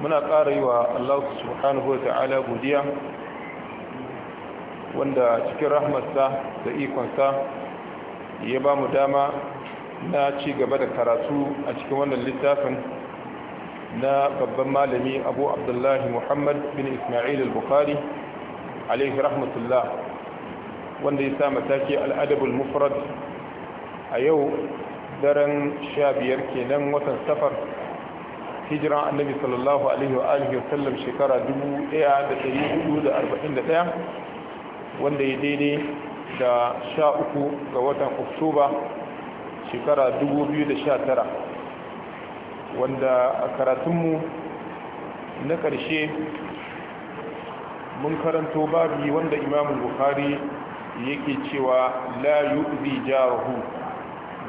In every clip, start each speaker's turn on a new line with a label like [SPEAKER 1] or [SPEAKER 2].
[SPEAKER 1] muna ƙara yi wa Allah subhanahu ta'ala godiya wanda cikin rahmarsa da ikonsa ya ba mu dama na ci gaba da karatu a cikin wannan littafin na babban malami abu abdullahi muhammad bin ismail al-bukhari alaihi rahmatullah wanda ya sa mataki al'adabul mufrad a yau daren sha biyar kenan watan safar hijiran annabi sallallahu alaihi wa alihi wa sallam shekara 1441 wanda ya daidai da 13 ga watan oktoba shekara 2019 wanda a karatunmu na ƙarshe mun karanto babi wanda imamun bukhari yake cewa la yu'zi jaruhu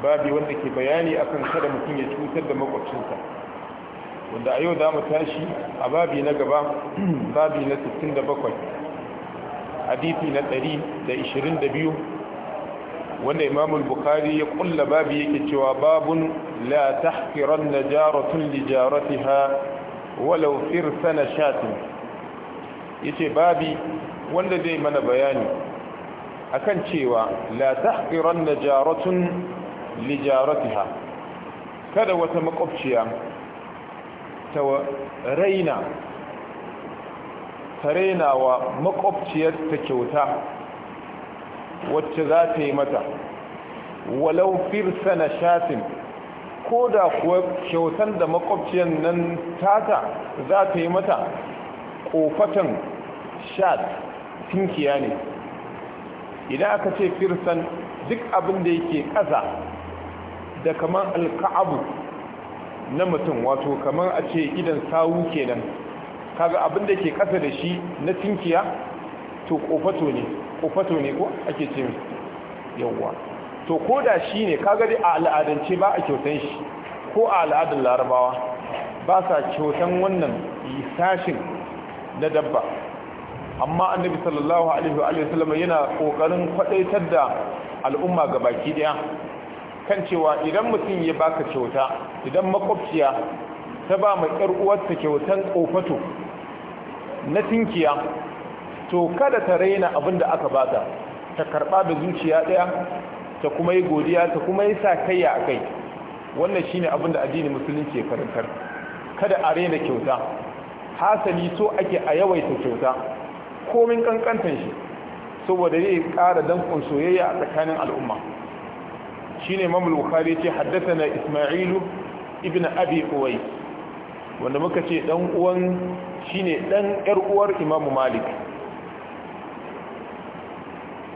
[SPEAKER 1] babi wanda ke bayani akan kada mutum ya cutar da makwabcinsa wanda a yau damu tashi a babi na gaba babi na 67 hadisi na 122 wanda imamul bukari ya kulla babi yake cewa babun la tahkiran na jaratun lijaratiha walau firsana shatin yace babi wanda zai mana bayani akan cewa la tahkiran na jaratun lijaratiha kada wata makwabciya ta raina ta raina wa ta kyauta wacce za ta yi mata walau firsa na shafin, ko da kuwa kyautan da makwabciyar nan tata za ta yi mata kofatan shat tinkiya ne idan aka ce firsan duk abin da yake ƙasa da kamar alka'abu na mutum wato kamar a ce idan sawu kenan kaga abin da ke kasa da shi na tinkiya to kofato ne kofato ne ko ake ce yawwa to ko da shi ne kaga dai a al'adance ba a kyautan shi ko a al'adar larabawa ba sa kyautan wannan sashin na dabba amma annabi sallallahu alaihi wa sallam yana kokarin kwadaitar da al'umma ga baki daya kan cewa idan mutum ya baka kyauta idan makwabciya ta ba mai ƴar uwarta kyautan kofato na tinkiya to kada ta raina abin da aka bata ta karba da zuciya ɗaya ta kuma yi godiya ta kuma yi sa kaiya a kai wannan shine abin da addini musulunci ya karantar kada a raina kyauta hasali so ake a yawaita kyauta komin kankantan shi saboda zai ƙara dankon soyayya a tsakanin al'umma shine imam al-bukhari ce haddathana Isma'il ibn abi uwais wanda muka ce dan uwan shine dan yar uwar imam malik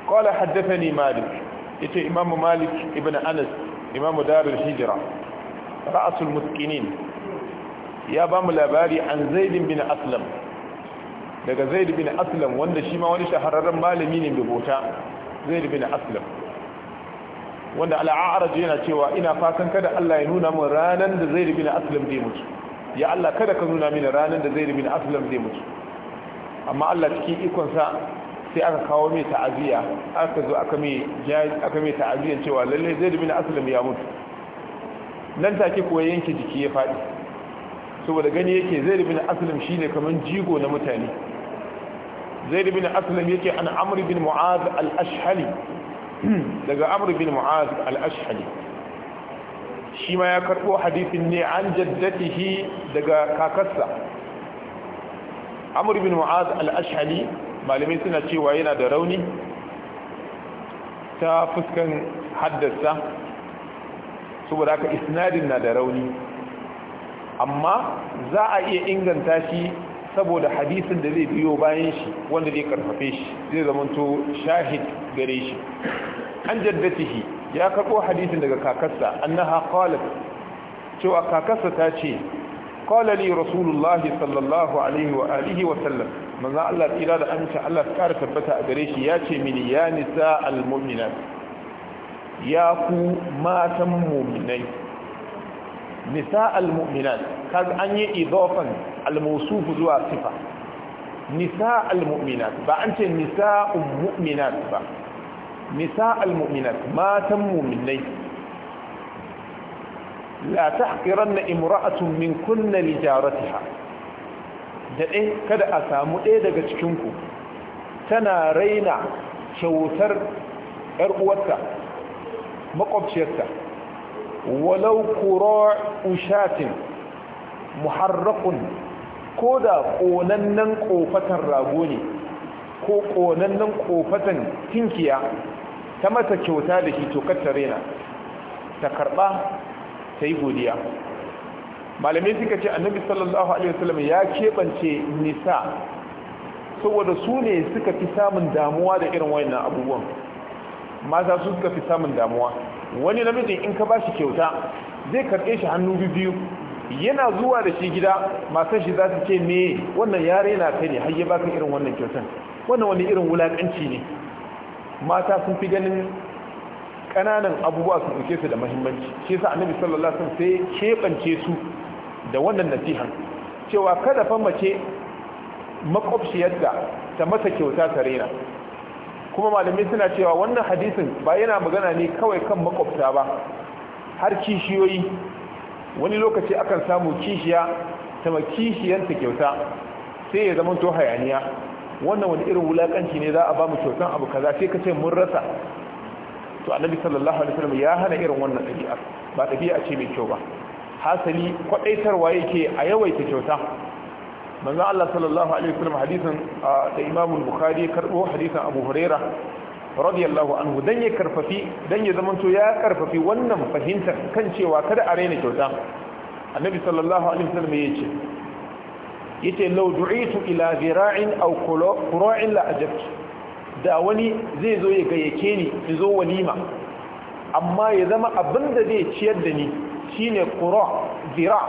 [SPEAKER 1] qala haddathani malik yace imam malik ibn anas imam dar al-hijra ra's al-muskinin ya ba mu labari an zaid bin aslam daga zaid bin aslam wanda shi ma wani shahararren malami ne mai bota zaid bin aslam wanda al'a'araj yana cewa ina fatan kada Allah ya nuna min ranan da Zaid bin Aslam zai mutu ya Allah kada ka nuna min ranan da Zaid bin Aslam zai mutu amma Allah cikin ikon sa sai aka kawo mai ta'aziya aka zo aka mai aka mai ta'aziyan cewa lalle Zaid na Aslam ya mutu nan take kuwa yanke jiki ya fadi saboda gani yake Zaid bin Aslam shine kaman jigo na mutane Zaid bin Aslam yake an Amr bin Mu'adh al-Ashhali daga Amurbin bin mu'az al shi ma ya karbo hadisin ne an jaddatihi daga kakarsa amr bin mu'az al-ashhali malamai suna cewa yana da rauni ta fuskan haddasa saboda haka isnadin na da rauni amma za a iya inganta shi saboda hadisin da zai biyo bayan shi wanda zai karfafe shi zai zamanto shahid gare shi an jaddatihi ya karbo hadisin daga kakarsa annaha qalat cewa kakarsa ta ce qala li rasulullah sallallahu alaihi wa alihi wa sallam manzo Allah tsira da amince Allah ya kara tabbata a gare shi ya ce mini ya nisa almu'minat ya ku matan mu'minai nisa almu'minat kaga an yi idofan almusufu zuwa sifa nisa muminat ba an ce nisa mu'minat ba nisa almu'minat matan mu'minai la tahqiranna imra'atun min kunna li jaratiha da dai kada a samu ɗaya daga cikin ku tana raina kyautar ‘yar uwarta makwabciyarta walau kuro ushatin Muharraƙun ko da ƙonannen ƙofatan rago ne ko ƙonannen ƙofatan tinkiya ta mata kyauta da shi to tare na ta karɓa ta yi godiya malamai suka ce annabi sallallahu alaihi wasallam ya keɓance nisa saboda su ne suka fi samun damuwa da irin wayannan abubuwan mata su suka fi samun damuwa wani namiji in ka ba shi kyauta zai karɓe shi hannu biyu yana zuwa da shi gida masan shi za su ce me wannan yare na kai ne har ya baka irin wannan kyautan wannan wani irin wulakanci ne mata sun fi ganin ƙananan abubuwa su ɗauke su da mahimmanci shi yasa annabi sallallahu alaihi wasallam sai kebance su da wannan nasihan cewa kada fa mace makwabciyarta ta masa kyauta ta rena kuma malamai suna cewa wannan hadisin ba yana magana ne kawai kan makwabta ba har kishiyoyi wani lokaci akan samu kishiya ta ma kishiyanta kyauta sai ya zama to hayaniya wannan wani irin wulakanci ne za a ba mu kyautan abu kaza sai ka ce mun rasa to annabi sallallahu alaihi wasallam ya hana irin wannan dabi'a ba dabi'a ce mai kyau ba hasali kwadaitarwa yake a yawaita kyauta manzo Allah sallallahu alaihi wasallam hadisin ah, da Imam Bukhari karbo hadisin Abu Huraira radiyallahu anhu dan ya karfafi dan ya zamanto ya karfafi wannan fahimtar kan cewa kada a raina kyauta annabi sallallahu alaihi wasallam ya ce yace law du'itu ila zira'in aw qura'in la ajabtu da wani zai zo ya gayyace ni in zo walima amma ya zama abinda zai ciyar da ni shine qura zira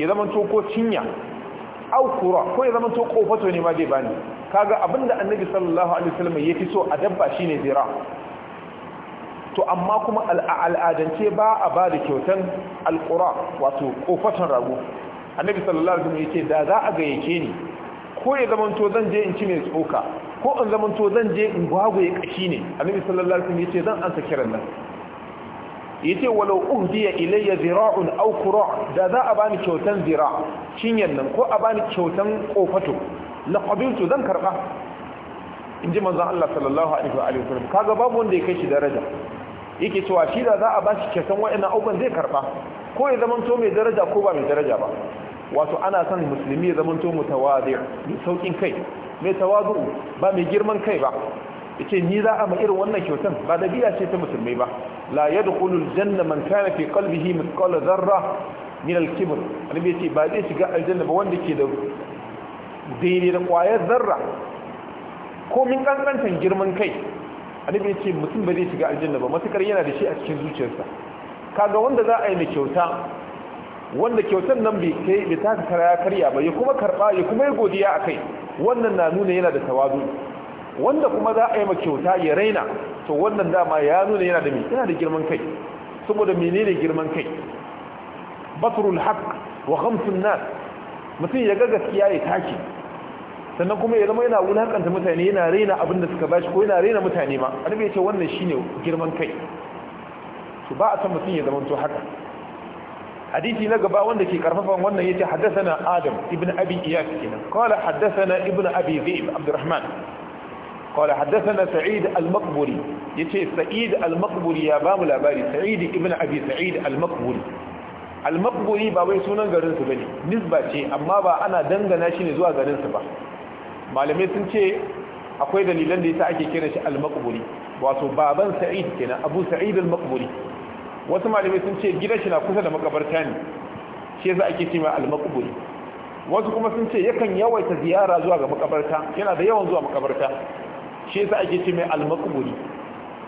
[SPEAKER 1] ya zamanto ko cinya Aukura ko ya zama to kofato ne ma zai bani kaga abinda annabi sallallahu alaihi wasallam ya fi so a dabba shine zira to amma kuma al'adance ba a ba da kyautan alqura wato kofatan rago annabi sallallahu alaihi wasallam yace da za a ga yake ni ko ya zama to zan je in ci mai tsoka ko in zama to zan je in gwagwaye kashi ne annabi sallallahu alaihi wasallam yace zan ansa kiran nan yace walau uhdiya ilayya zira'un aw kura da za a bani kyautan zira cinyan nan ko a bani kyautan kofato la qabiltu zan karba inji manzon Allah sallallahu alaihi wa alihi wasallam kaga babu wanda ya kai shi daraja yake cewa shi da za a bashi kyautan wa'ina abubuwan zai karba ko ya zamanto mai daraja ko ba mai daraja ba wato ana san musulmi ya zamanto mutawadi mai saukin kai mai tawadu ba mai girman kai ba yace ni za a ma irin wannan kyautan ba da biya ce ta musulmai ba la yadkhulul janna man kana fi qalbihi mithqal dharra min al-kibr annabi yace ba zai shiga aljanna ba wanda ke da daidai da kwayar zarra ko min kankantan girman kai annabi yace mutum ba zai shiga aljanna ba matakar yana da shi a cikin zuciyarsa kaga wanda za a yi kyauta wanda kyautan nan bai kai bai taka karya karya ba ya kuma karba ya kuma ya godiya akai wannan na nuna yana da tawazu wanda kuma za a yi makyauta ya raina to wannan dama ya nuna yana da yana da girman kai saboda menene girman kai batrul haq wa khamsun nas mutum ya ga gaskiya ya taki sannan kuma ya zama yana wulakanta mutane yana raina abinda suka bashi ko yana raina mutane ma annabi ya ce wannan shine girman kai to ba a san mutum ya zama to haka hadisi na gaba wanda ke karfafan wannan yace haddathana adam ibn abi iyas kenan qala haddathana ibn abi zaib abdurrahman قال حدثنا سعيد المقبري يتي سعيد المقبري يا بام لاباري سعيد ابن أبي سعيد المقبري المقبري ba wai sunan garinsu ba ne nisba ce amma ba ana dangana shi ne zuwa garinsu ba malamai sun ce akwai dalilan da yasa ake kira shi al-maqburi wato baban sa'id kenan abu sa'id al-maqburi wasu malamai sun ce gidan shi na kusa da makabarta ne shi yasa ake cewa al-maqburi wasu kuma sun ce yakan yawaita ziyara zuwa ga makabarta yana da yawan zuwa makabarta shi yasa ake ce mai al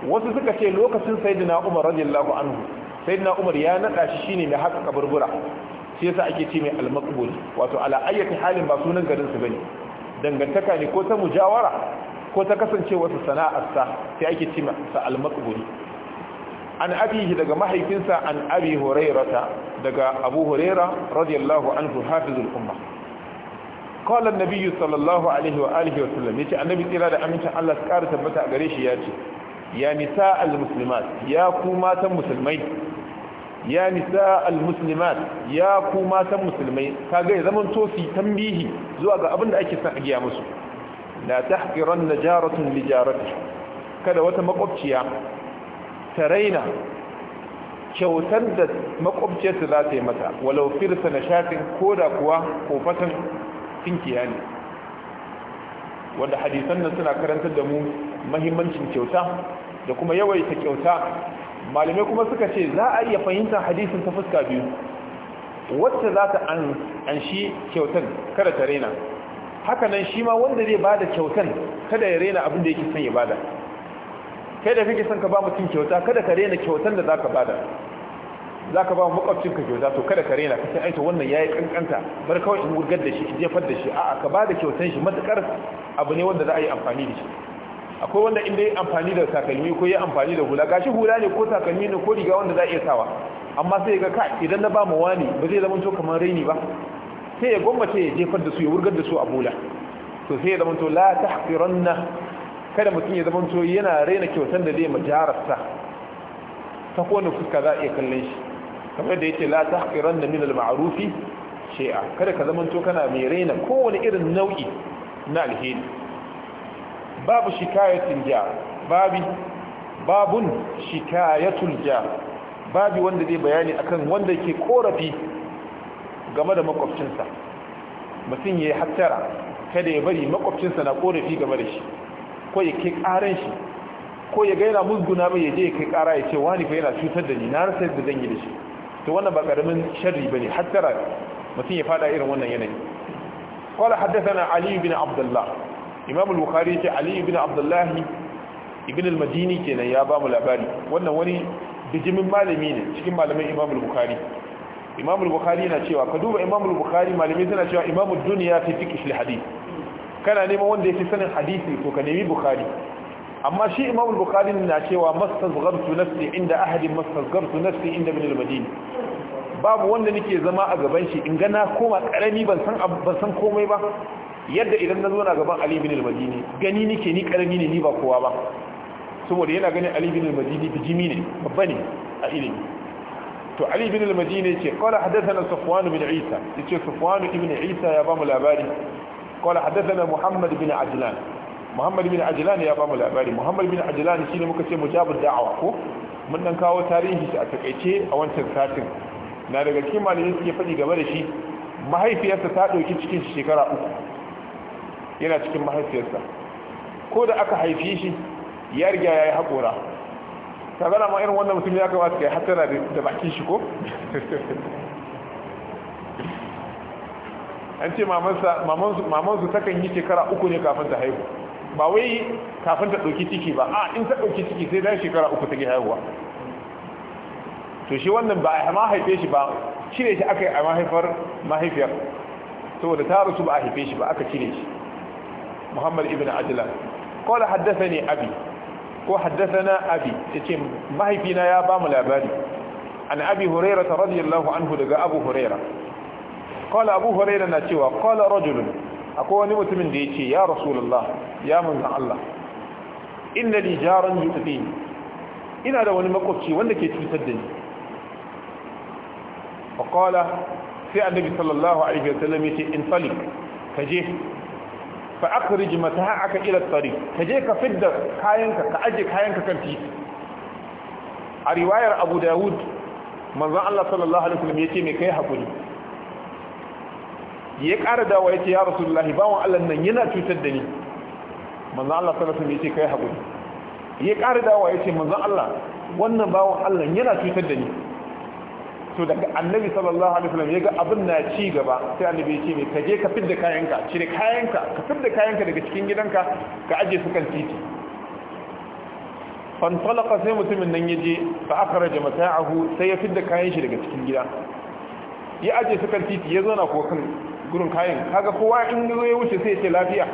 [SPEAKER 1] wasu suka ce lokacin sayyidina Umar radiyallahu anhu sayyidina Umar ya nada shi shine mai haka kaburbura shi yasa ake ce mai al-maqburi wato ala ayyati halin ba sunan garin su bane dangantaka ne ko ta mujawara ko ta kasance wasu sa sai ake ce sa al an abihi daga mahaifinsa an abi hurairata daga abu hurairah radiyallahu anhu hafizul ummah qala na biyu sallallahu alaihi wa alihi wa sallam yace annabi tsira da amincin Allah su ƙara tabbata a gare shi ce ya nisa al-muslimat ya ku matan musulmai ya nisa al ya ku matan musulmai ta gai zaman tosi tambihi zuwa ga abin da ake son a giya musu haƙiran na jaratun li kada wata makwabciya ta raina kyautar da makwabciyarta za ta yi mata walau firsa na shafin ko da kuwa kofatan tinkiya ne wanda hadisan nan suna karantar da mu mahimmancin kyauta da kuma yawaita kyauta malamai kuma suka ce za a iya fahimtar hadisin ta fuska biyu wacce za ta an shi kyautan kada ta rena haka nan shi ma wanda zai bada kyautan kada ya rena abin da yake son ya bada kai da kake son ka ba mutum kyauta kada ka raina kyautan da za ka bada za ka ba wa makwabcinka kyauta to kada ka raina ka san aita wannan ya yi kankanta bar kawai in wurgar da shi in jefar da shi a'a ka ba da kyautan shi matukar abu ne wanda za a yi amfani da shi akwai wanda inda ya amfani da takalmi ko ya amfani da hula gashi hula ne ko takalmi ne ko riga wanda za a iya sawa amma sai ga ka idan na ba mu wani ba zai zama to kamar raini ba sai ya gwammace ya jefar da su ya wurgar da su a bula to sai ya zama to la tahqiranna kada mutum ya zama to yana raina kyautan da zai majararsa ta kowane fuska za a iya kallon shi kamar da yake la tahqiran min al-ma'rufi shay'a kada ka zamanto kana mai raina kowane irin nau'i na alheri babu shikayatin ja babu babun shikayatul ja babu wanda zai bayani akan wanda yake korafi game da makwabcinsa mutum yayi hattara kada ya bari makwabcinsa na korafi game da shi ko ya kai karan shi ko ya gaira musguna mai yaje ya kai kara ya ce wani fa yana cutar da ni na rasa yadda zan yi da shi to wannan ba karamin sharri bane hattara mutum ya fada irin wannan yanayi qala hadathana ali ibn abdullah imam al-bukhari ce ali ibn abdullah ibn al-madini kenan ya ba mu labari wannan wani bijimin malami ne cikin malaman imam al-bukhari imam al-bukhari yana cewa ka duba imam al-bukhari malamai suna cewa imam ad-dunya fi fiqh al-hadith kana neman wanda yake sanin hadisi to ka nemi bukhari amma shi imam bukhari na cewa mastazghartu nafsi inda ahadin mastazghartu nafsi inda min al-madini babu wanda nake zama a gaban shi in ga na koma karami ban san ban san komai ba yadda idan na zo na gaban ali ibn al-madini gani nake ni karami ne ni ba kowa ba saboda yana ganin ali ibn al-madini bijimi ne babba ne a ilimi to ali ibn al-madini ce qala hadathana safwan ibn isa yace safwan ibn isa ya ba mu labari qala hadathana muhammad ibn ajlan muhammad bin ajlan ya bamu labari muhammad bin ajlan shine muka ce mujabud da'awa ko mun dan kawo tarihi shi a takaice a wancan satin na daga cikin malamin suke faɗi gaba da shi mahaifiyarsa ta ɗauki cikin shekara uku yana cikin mahaifiyarsa ko da aka haifi shi ya riga ya yi haƙora ta ma irin wannan mutum ya kamata ya hatara da bakin shi ko an ce mamansu takan yi shekara uku ne kafin ta haihu ba wai kafin ta ɗauki ciki ba a in ta ɗauki ciki sai dan shekara uku ta haihuwa to shi wannan ba a ma haife shi ba cire shi aka yi a mahaifar mahaifiyar saboda ta rasu ba a haife shi ba aka cire shi muhammad ibn ajlan haddasa ne abi ko haddasa na abi yace mahaifina ya ba mu labari an abi ta radiyallahu anhu daga abu hurairah kawai abu hurairah na cewa qala rajulun akwai wani mutumin da ya ce ya rasulullah ya manzan Allah inna li jaran yu'dini ina da wani makwabci wanda ke cutar da ni fa qala sai annabi sallallahu alaihi wa sallam ce in talik kaje fa akhrij mata'aka ila at-tariq kaje ka fidda kayanka ka aje kayanka kan titi a riwayar abu dawud manzon Allah sallallahu alaihi wa sallam yace me kai haƙuri. ya ƙara dawa ya ce ya rasulullahi bawan Allah nan yana cutar da ni manzon Allah sallallahu alaihi wasallam ce kai haƙuri ya ƙara dawa ya ce manzon Allah wannan bawon Allah yana cutar da ni to daga annabi sallallahu alaihi wasallam ya ga abin na ci gaba sai annabi ya ce mai kaje ka fidda kayanka cire kayanka ka fidda kayanka daga cikin gidanka ka aje su kan titi fantalaka sai mutumin nan ya je fa akhraja mata'ahu sai ya fidda kayan shi daga cikin gida ya aje su kan titi ya zauna ko kan gurin kayan kaga kowa in ya wuce sai ya ce lafiya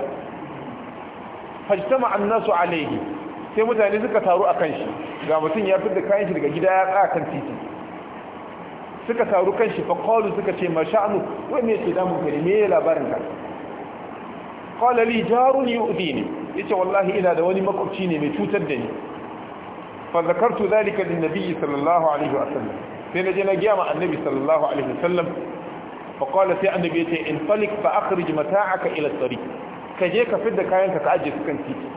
[SPEAKER 1] fajtama annasu alaihi sai mutane suka taru akan shi ga mutum ya fi da kayan shi daga gida ya tsaya kan titi suka taru kan shi faqalu suka ce ma sha'anu wai me yake damun ka ne me labarin ka qala li jarun yu'dini yace wallahi ina da wani makwabci ne mai cutar da ni fa zakartu dhalika lin nabiy sallallahu alaihi wasallam sai na je na giya ma annabi sallallahu alaihi wasallam faƙwala sai annabi ya ce in falik fa akhrij mata'aka ila tsari ka je ka fidda kayanka ka ajiye sukan kan titi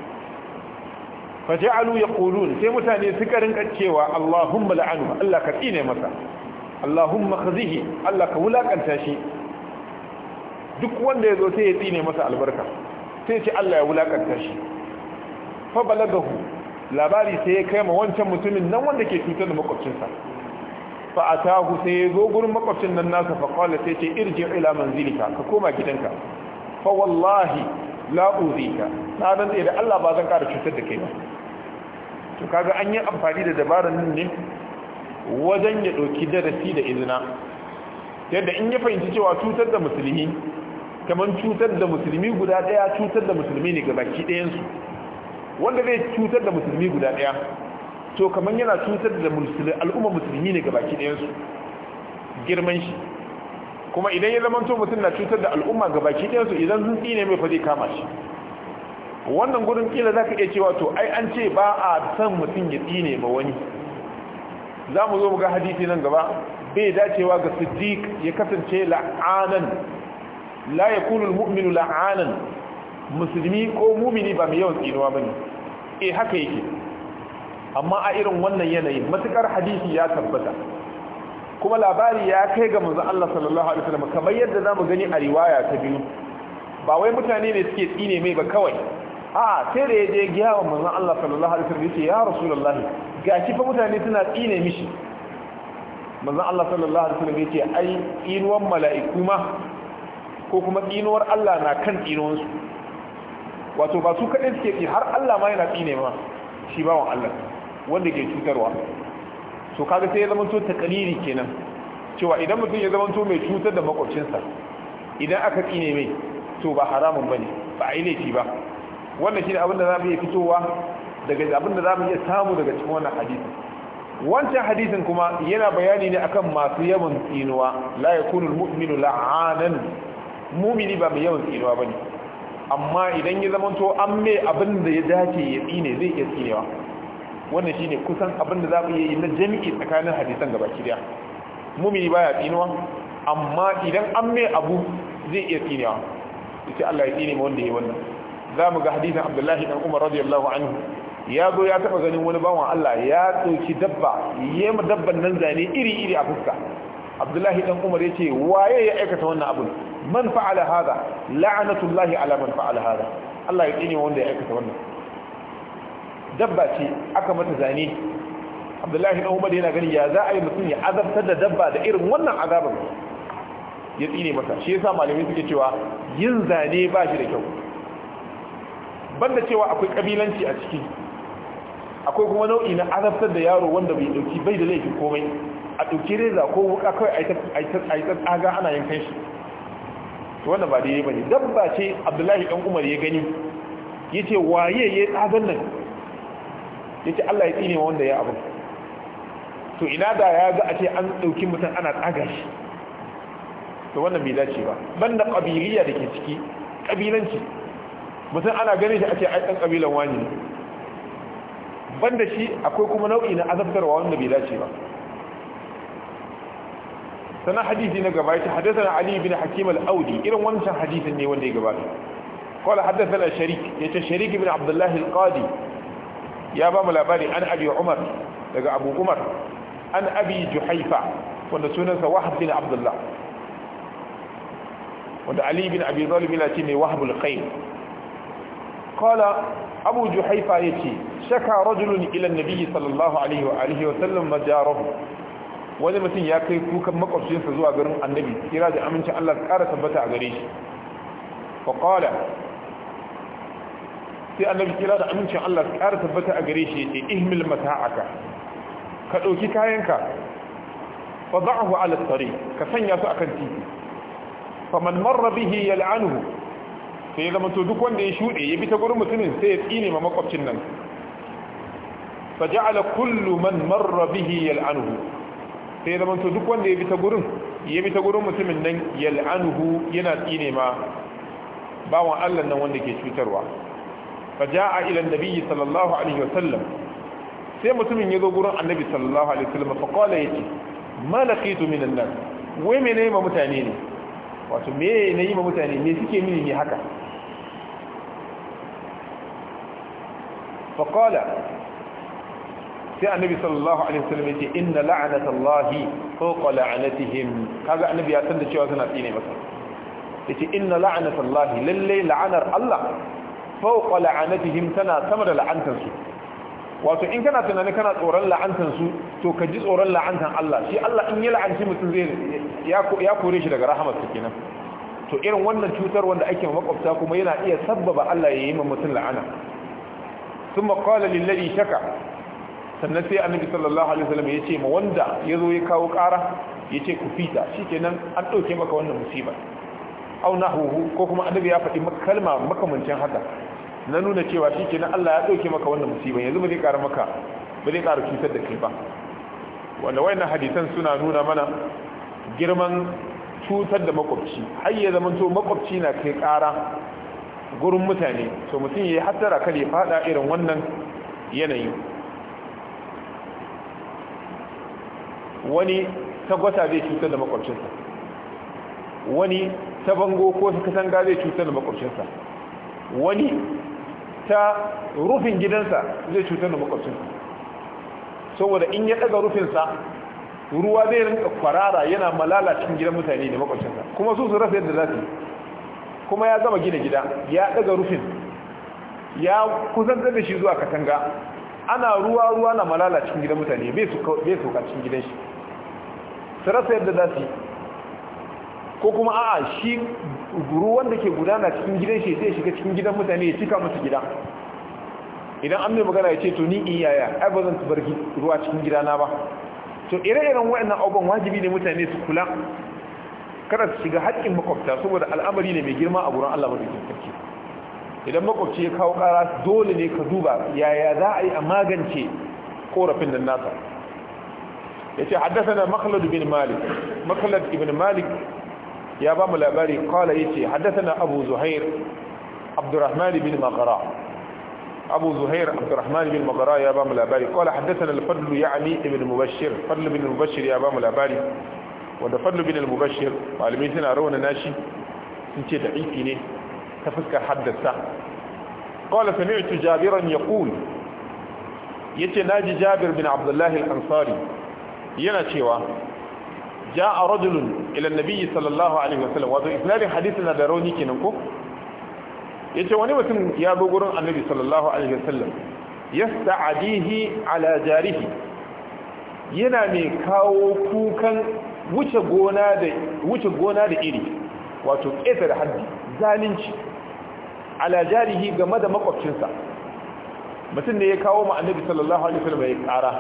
[SPEAKER 1] fa ja'alu yaqulun sai mutane suka rinka cewa Allahumma la'anhu Allah ka tsine masa Allahumma khazihi Allah ka wulaƙanta shi duk wanda ya zo sai ya tsine masa albarka sai ce Allah ya wulaƙanta shi fa balagahu labari sai ya kai ma wancan mutumin nan wanda ke cutar da makwabcinsa fa atahu sai yazo gurin makwabcin nan nasa fa qala sai ce irji ila manzilika ka koma gidanka fa wallahi la uzika na dan da Allah ba zan ƙara cutar da kai ba to kaga an yi amfani da dabarar nan ne wajen ya doki darasi da izina yadda in ya fahimci cewa cutar da musulmi kamar cutar da musulmi guda daya cutar da musulmi ne ga baki su wanda zai cutar da musulmi guda daya to kamar yana cutar da musulmi al'umma musulmi ne gabaki ɗayansu girman shi kuma idan ya zamanto mutum na cutar da al'umma gabaki ɗayansu idan sun tsine mai fadi kama shi wannan gurin kila za ka iya cewa to ai an ce ba a san mutum ya tsine ma wani za mu zo mu ga hadisi nan gaba bai dacewa ga siddiq ya kasance la'anan la ya mu'minu la'anan musulmi ko mumini ba mai yawan tsinuwa ba ne eh haka yake amma a irin wannan yanayin matukar hadisi ya tabbata kuma labari ya kai ga manzon Allah sallallahu alaihi wasallam kamar yadda zamu gani a riwaya ta biyu ba wai mutane ne suke tsine mai ba kawai a sai da yaje giya wa manzon Allah sallallahu alaihi wasallam yace ya rasulullah gashi fa mutane suna tsine mishi manzon Allah sallallahu alaihi wasallam yace ai tsinuwan mala'iku ma ko kuma tsinuwar Allah na kan tsinuwansu wato ba su kadai suke tsini har Allah ma yana tsine ma shi bawon Allah wanda ke cutarwa to kaga sai ya zama to kaliri kenan cewa idan mutum ya zama to mai cutar da makwabcinsa idan aka tsine mai to ba haramun bane ba a yi laifi ba wannan shi abin da za mu iya fitowa daga abin za mu iya samu daga cikin wannan hadisin wancan hadisin kuma yana bayani ne akan masu yawan tsinuwa la yakunu almu'minu la'anan mumini ba mai yawan tsinuwa bane amma idan ya zama to an mai abin da ya dace ya tsine zai iya tsinewa wannan shine kusan abin da za mu yi na jami'i tsakanin hadisan gaba ki daya mumini baya tsinuwa amma idan an mai abu zai iya tsinewa yace Allah ya tsine mu wanda yayi wannan za mu ga hadisin Abdullahi dan Umar radiyallahu anhu ya zo ya taba ganin wani bawan Allah ya tsoki dabba yema dabban nan zane iri iri a fuska Abdullahi dan Umar yace waye ya aikata wannan abu man fa'ala hadha la'natullahi ala man fa'ala hadha Allah ya tsine wanda ya aikata wannan dabba ce aka mata zane abdullahi na umar yana gani ya za a yi mutum ya azabtar da dabba da irin wannan azabar ya tsine mata shi yasa malamai suke cewa yin zane ba shi da kyau banda cewa akwai kabilanci a ciki akwai kuma nau'i na azabtar da yaro wanda bai dauki bai da laifin komai a dauki reza ko wuka kawai a yi tsaga ana yin kai shi to wannan ba ba bane dabba ce abdullahi dan umar ya gani yace waye ya tsagan nan yace Allah ya tsine wanda ya abu to ina da ya ga a ce an dauki mutum ana tsaga shi to wannan bai dace ba banda ƙabiliya da ke ciki kabilanci mutum ana ganin shi a ce ai dan kabilan wani ne banda shi akwai kuma nau'i na azabtarwa wanda bai dace ba sanan hadisi na gaba yace na ali bin hakim al-audi irin wancan hadisin ne wanda ya gabata qala hadathana sharik yace sharik ibn abdullah al-qadi ya ba mu labari an abi umar daga abu umar an abi juhaifa wanda sunansa wahab bin abdullah wanda ali bin abi talib yana ce ne wahabul khair qala abu juhaifa yace shaka rajulun ila annabi sallallahu alaihi wa alihi wa sallam majarahu wani mutum ya kai kukan makwabcinsa zuwa garin annabi kira da amincin Allah ƙara tabbata a gare shi fa qala sai annabi kira da amincin Allah su ƙara tabbata a gare shi yace ihmil mata'aka ka ɗauki kayanka fa da'ahu ala tariq ka sanya su akan titi man marra bihi yal'anuhu sai ya zama to duk wanda ya shuɗe ya bi ta gurin mutumin sai ya tsine ma makwabcin nan fa ja'ala kullu man marra bihi yal'anuhu sai ya zama to duk wanda ya bi ta gurin ya bi ta gurin mutumin nan yal'anuhu yana tsine ma bawan Allah nan wanda ke cutarwa fa jaa ila annabi sallallahu alaihi wasallam sai mutumin ya zo gurin annabi sallallahu alaihi wasallam fa qala yati ma laqitu min an-nas wai me nayi ma mutane ne wato me nayi ma mutane me suke mini ne haka fa qala sai annabi sallallahu alaihi wasallam yace inna la'natallahi fawqa la'natihim kaga annabi ya san da cewa suna tsine masa yace inna la'natallahi lalle la'anar Allah fawqa la'anatihim tana sama da la'antansu wato in kana tunani kana tsoron la'antansu to ka ji tsoron la'antan Allah shi Allah in ya la'anci mutum zai ya kore shi daga rahamarsa kenan to irin wannan cutar wanda ake makwabta kuma yana iya sabbaba Allah ya yi ma mutum la'ana thumma qala lil ladhi shaka sannan sai annabi sallallahu alaihi wasallam ya ce ma wanda ya zo ya kawo ƙara ya ce ku fita shikenan an ɗauke maka wannan musibar aw nahuhu ko kuma annabi ya faɗi kalma makamancin haka na nuna cewa shi nan Allah ya ɗauke maka wannan musibin yanzu ba ƙara maka ƙara cutar da kai ba wanda wayannan hadisan suna nuna mana girman cutar da makwabci har ya zama to makwabci na kai ƙara gurin mutane to mutum ya yi hattara kan ya faɗa irin wannan yanayi wani ta zai cutar da makwabcinsa wani ta bango ko ta katanga zai cutar da makwabcinsa wani ta rufin gidansa zai cutar da makwabcin saboda in ya daga rufinsa ruwa zai rinka kwarara yana malala cikin gidan mutane da makwabcinsa kuma su su rasa yadda za su kuma ya gama gina gida ya daga rufin ya kusantar da shi zuwa katanga ana ruwa ruwa na malala cikin gidan mutane bai sauka cikin gidan shi su rasa yadda za su yi ko kuma a'a shi guru wanda ke gudana cikin gidan shi zai shiga cikin gidan mutane ya cika musu gida idan an mai magana ya ce to ni in yaya ai ba zan bar ruwa cikin gidana ba to ire-iren waɗannan abubuwan wajibi ne mutane su kula kada su shiga haƙƙin makwabta saboda al'amari ne mai girma a gurin Allah madaukakin sarki idan makwabci ya kawo ƙara dole ne ka duba yaya za a yi a magance korafin nan nasa yace na makhlad bin malik makhlad ibn malik ya ba mu labari qala yace haddathana abu zuhair abdurrahman bin maqara abu zuhair abdurrahman bin maqara ya ba mu labari qala haddathana al-fadl ya'ni ibn mubashshir fadl bin mubashshir ya ba mu labari wanda fadl bin al-mubashshir suna rawana nashi sun ce da aiki ne ta fuskar haddasa qala sami'tu jabiran ya yaqul yace naji jabir bin abdullahi al-ansari yana cewa ja'a rajulun ila nabiyyi sallallahu alaihi wasallam wato isnadin hadisin na da rauni kenan ko yace wani mutum ya zo gurin annabi sallallahu alaihi wasallam yasta'adihi ala jarihi yana mai kawo kukan wuce gona da wuce gona da iri wato ƙetare haddi zalunci ala jarihi game da makwabcinsa mutum ne ya kawo ma annabi sallallahu alaihi wasallam ya ƙara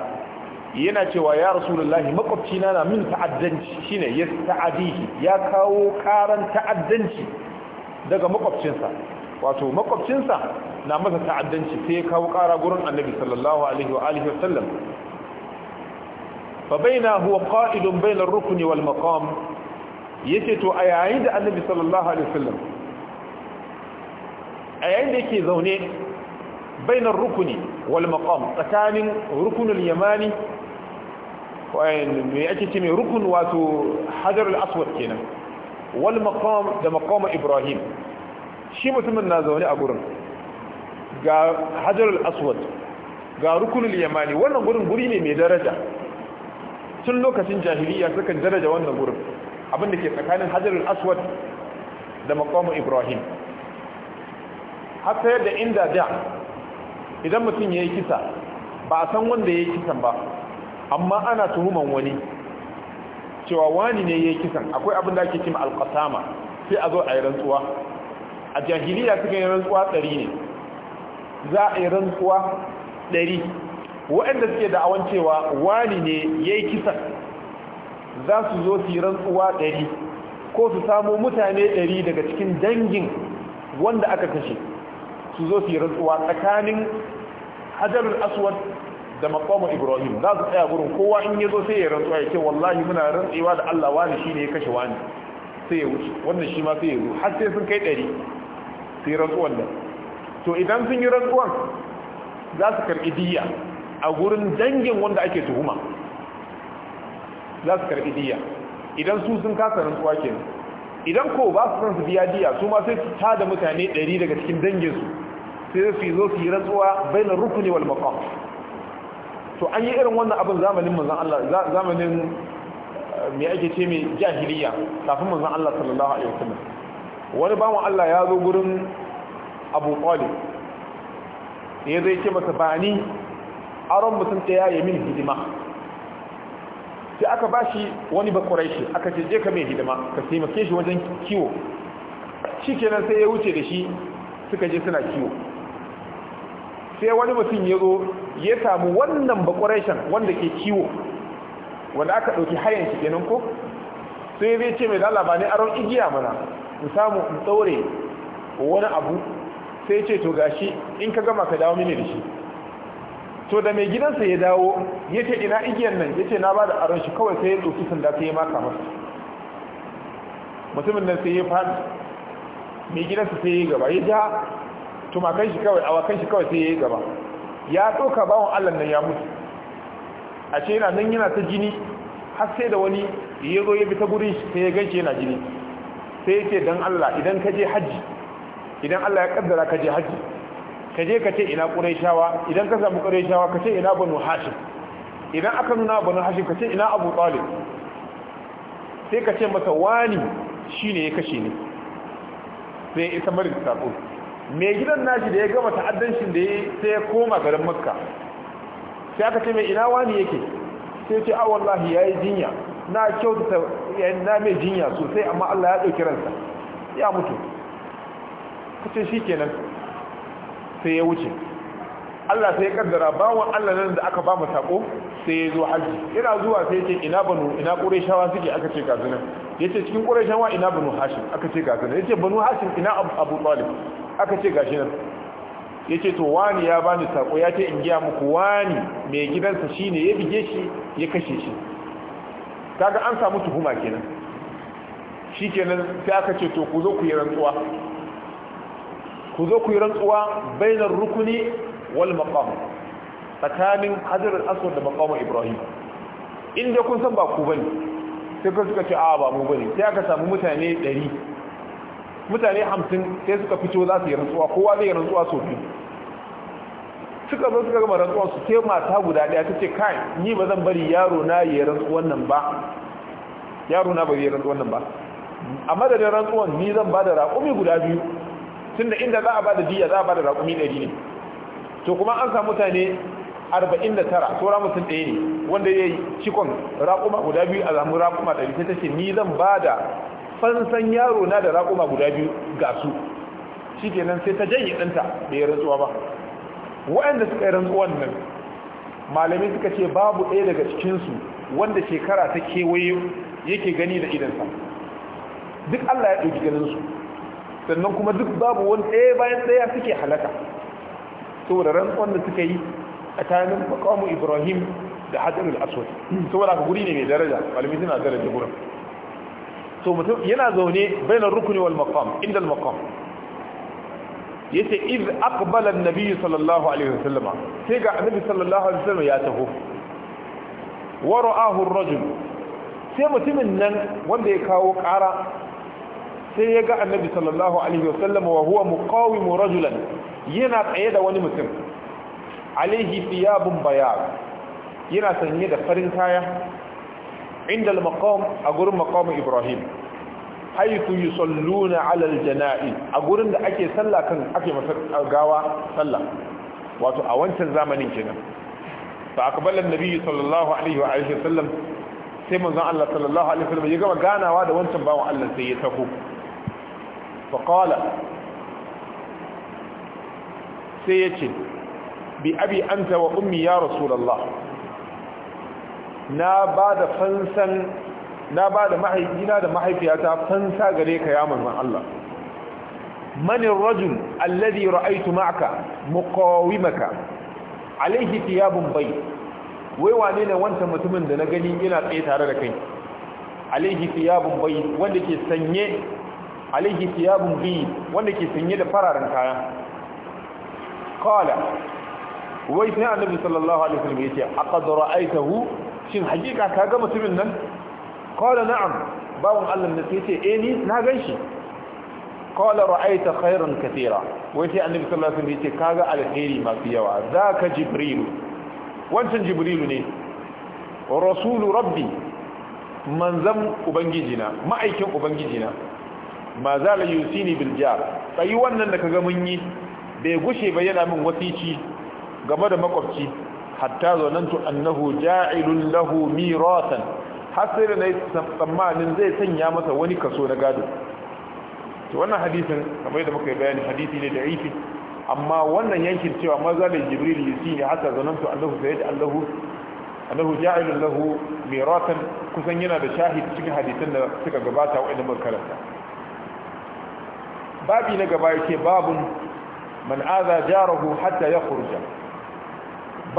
[SPEAKER 1] yana cewa ya rasulullahi makwabci na na min ta'addanci shine ya ta'adihi ya kawo karan ta'addanci daga makwabcinsa wato makwabcinsa na masa ta'addanci sai ya kawo kara gurin annabi sallallahu alaihi wa alihi wasallam fa baina huwa qa'idun baina ar-rukni wal maqam yace to a yayin da annabi sallallahu alaihi wasallam a yayin da yake zaune bainar rukuni wal maqam tsakanin rukunul yamani mai ake ce mai rukun wato al aswad kenan wal maqam da maqam ibrahim shi mutumin na zaune a gurin ga al aswad ga rukunin yamani wannan gurin guri ne mai daraja tun lokacin jahiliya sukan daraja wannan gurin abinda ke tsakanin al aswad da maqam ibrahim hatta yadda inda da idan mutum ya yi kisa ba a san wanda ya yi kisan ba amma ana tuhuman wani cewa wani ne ya yi kisan akwai abin da ake cima alkasama sai a zo a yi rantsuwa a jahiliya suka yi rantsuwa ɗari ne za a yi rantsuwa ɗari waɗanda suke da'awan cewa wani ne ya yi kisan za su zo su yi rantsuwa ɗari ko su samu mutane ɗari daga cikin dangin wanda aka kashe su zo su yi rantsuwa tsakanin hajarul aswad da makwamu ibrahim za su tsaya gurin kowa in ya zo sai ya rantsuwa ya ce wallahi muna rantsewa da Allah wani shi ne ya kashe wani sai ya wuce wannan shi ma sai ya zo har sai sun kai ɗari sai rantsuwan nan to idan sun yi rantsuwan za su karɓi diya a gurin dangin wanda ake tuhuma za su karɓi diya idan su sun kasa rantsuwa kenan idan ko ba su san su biya diya su ma sai su tada mutane ɗari daga cikin danginsu sai su zo su yi rantsuwa na rukuni wal maqam to an yi irin wannan abin zamanin manzan Allah zamanin eh, mai ake ce mai jahiliya kafin manzan Allah sallallahu alaihi wasallam wani mu Allah ya zo gurin Abu Talib ya zai ce masa bani aron mutum ta ya min hidima sai aka bashi wani bakwarai shi aka ce je ka mai hidima ka taimake shi wajen kiwo shi kenan sai ya wuce da shi suka je suna kiwo sai wani mutum ya zo ya samu wannan bakwarashin wanda ke kiwo wanda aka ɗauki hayan shi kenan ko sai zai ce mai lalaba ne aron igiya mana in samu in tsaure wani abu sai ce to gashi in ka gama ka dawo mini da shi to da mai gidansa ya dawo ya ce ina igiyan nan ya ce na ba da aron shi kawai sai ya ɗauki sanda sai ya maka masa mutumin nan sai ya faɗi mai gidansa sai ya gaba ya ja kan shi kawai kan shi kawai sai ya yi gaba ya ɗauka bawon allah nan ya mutu a ce yana nan yana ta jini har sai da wani ya zo ya bi ta gurin shi sai ya gaishe yana jini sai ya ce don allah idan ka je hajji idan allah ya kaddara ka je hajji ka je ka ce ina ƙuraishawa idan ka samu shawa ka ce ina banu hashim idan aka nuna banu hashim ka ce ina abu talib sai ka ce masa wani shine ya kashe ni sai ya isa marin saƙo mai gidan nashi da ya gama ta'addancin da ya sai ya koma garin makka sai aka ce mai ina wani yake sai ce a ah, wallahi ya yi jinya na kyautata na mai jinya sosai amma allah ya ɗauki ransa ya mutu kace shi kenan sai ya wuce allah sai ya kaddara bawon allah nan da aka ba mu sako sai ya zo hajji yana zuwa sai ya ce ina banu ina ƙureshawa suke aka ce gasu nan ya ce cikin ƙureshawa ina banu hashin aka ce gasu nan ya ce banu hashin ina abu talib aka ce gashi nan ya ce to wani ya bani sako ya ce in giya muku wani mai gidansa shine ya bige shi ya kashe shi kaga an samu tuhuma kenan shi kenan sai aka ce to ku zo ku yi rantsuwa ku zo ku yi rantsuwa bainar rukuni wal maqam tsakanin hajar aswad da maqam ibrahim inda kun san ba ku bane sai ka suka ce a ba mu bane sai aka samu mutane 100 mutane hamsin sai suka fito za su yi rantsuwa kowa zai yi rantsuwa sau biyu suka zo suka gama rantsuwa su sai mata guda ɗaya ta ce kai ni ba zan bari yaro na yi rantsuwan nan ba yaro na ba yi rantsuwan nan ba a madadin rantsuwan ni zan ba da raƙumi guda biyu tunda inda za a ba da diya za a ba da raƙumi ɗari ne to kuma an samu mutane arba'in da tara saura mutum ɗaya ne wanda ya yi cikon raƙuma guda biyu a zamu raƙuma ɗari sai ta ce ni zan ba da fansan yaro na da raƙuma guda biyu ga su shi kenan sai ta janyi ɗanta da ya rantsuwa ba waɗanda suka yi rantsuwan nan malami suka ce babu ɗaya daga cikinsu wanda shekara ta kewaye yake gani da idansa duk allah ya ɗauki ganinsu sannan kuma duk babu wani ɗaya bayan ɗaya suke halaka saboda rantsuwan da suka yi a tsakanin makamu ibrahim da hajjarul aswad saboda ka guri ne mai daraja Malamai suna daraja gurin to mutum yana zaune bainar rukuni wal maqam inda al maqam yace iz aqbala an-nabi sallallahu alaihi wasallam sai ga annabi sallallahu alaihi wasallam ya taho wa ra'ahu ar-rajul sai mutumin nan wanda ya kawo ƙara sai ya ga annabi sallallahu alaihi wasallam wa huwa muqawimu rajulan yana tsaye da wani mutum alaihi thiyabun bayan yana sanye da farin kaya inda al a gurin maqam Ibrahim haitu yusalluna ala al-jana'i a gurin da ake sallah kan ake masa gawa sallah wato a wancan zamanin kenan fa aqbala an-nabi sallallahu alaihi wa alihi sallam sai manzon Allah sallallahu alaihi wasallam ya gama ganawa da wancan bawan Allah sai ya taho yace bi abi anta wa ummi ya rasulullah na ba da fansan na ba da mahaifina da mahaifiyata fansa gare ka ya manzon Allah manin rajul alladhi ra'aytu ma'aka muqawimaka alayhi thiyabun bay wai wane ne wancan mutumin da na gani ina tsaye tare da kai alayhi thiyabun bay wanda ke sanye alayhi thiyabun bi wanda ke sanye da fararen kaya qala wai sai annabi sallallahu alaihi wasallam yace aqad ra'aytahu shin hakika ka ga mutumin nan qala na'am bawon Allah ne sai ce eh ni na ganshi qala ra'aita khairan katira wai sai annabi sallallahu alaihi wasallam ya ce kaga alkhairi masu yawa zaka jibril wancan jibril ne rasulu rabbi manzan ubangijina ma'aikin ubangijina ma za la yusini bil jar sai wannan da ka ga mun yi bai gushe ba yana min wasici game da makwabci hatta zonantu annahu ja'ilun lahu miratan har sai da na yi tsammanin zai sanya masa wani kaso na gado to wannan hadisin kamar da muka yi bayani hadisi ne da ifi amma wannan yankin cewa maza da jibril ya ne haka zanantu annahu da allahu annahu ja'ilun lahu miratan kusan yana da shahid cikin hadisan da suka gabata wa'anda mun karanta babi na gaba yake babun man aza jarahu hatta ya khurja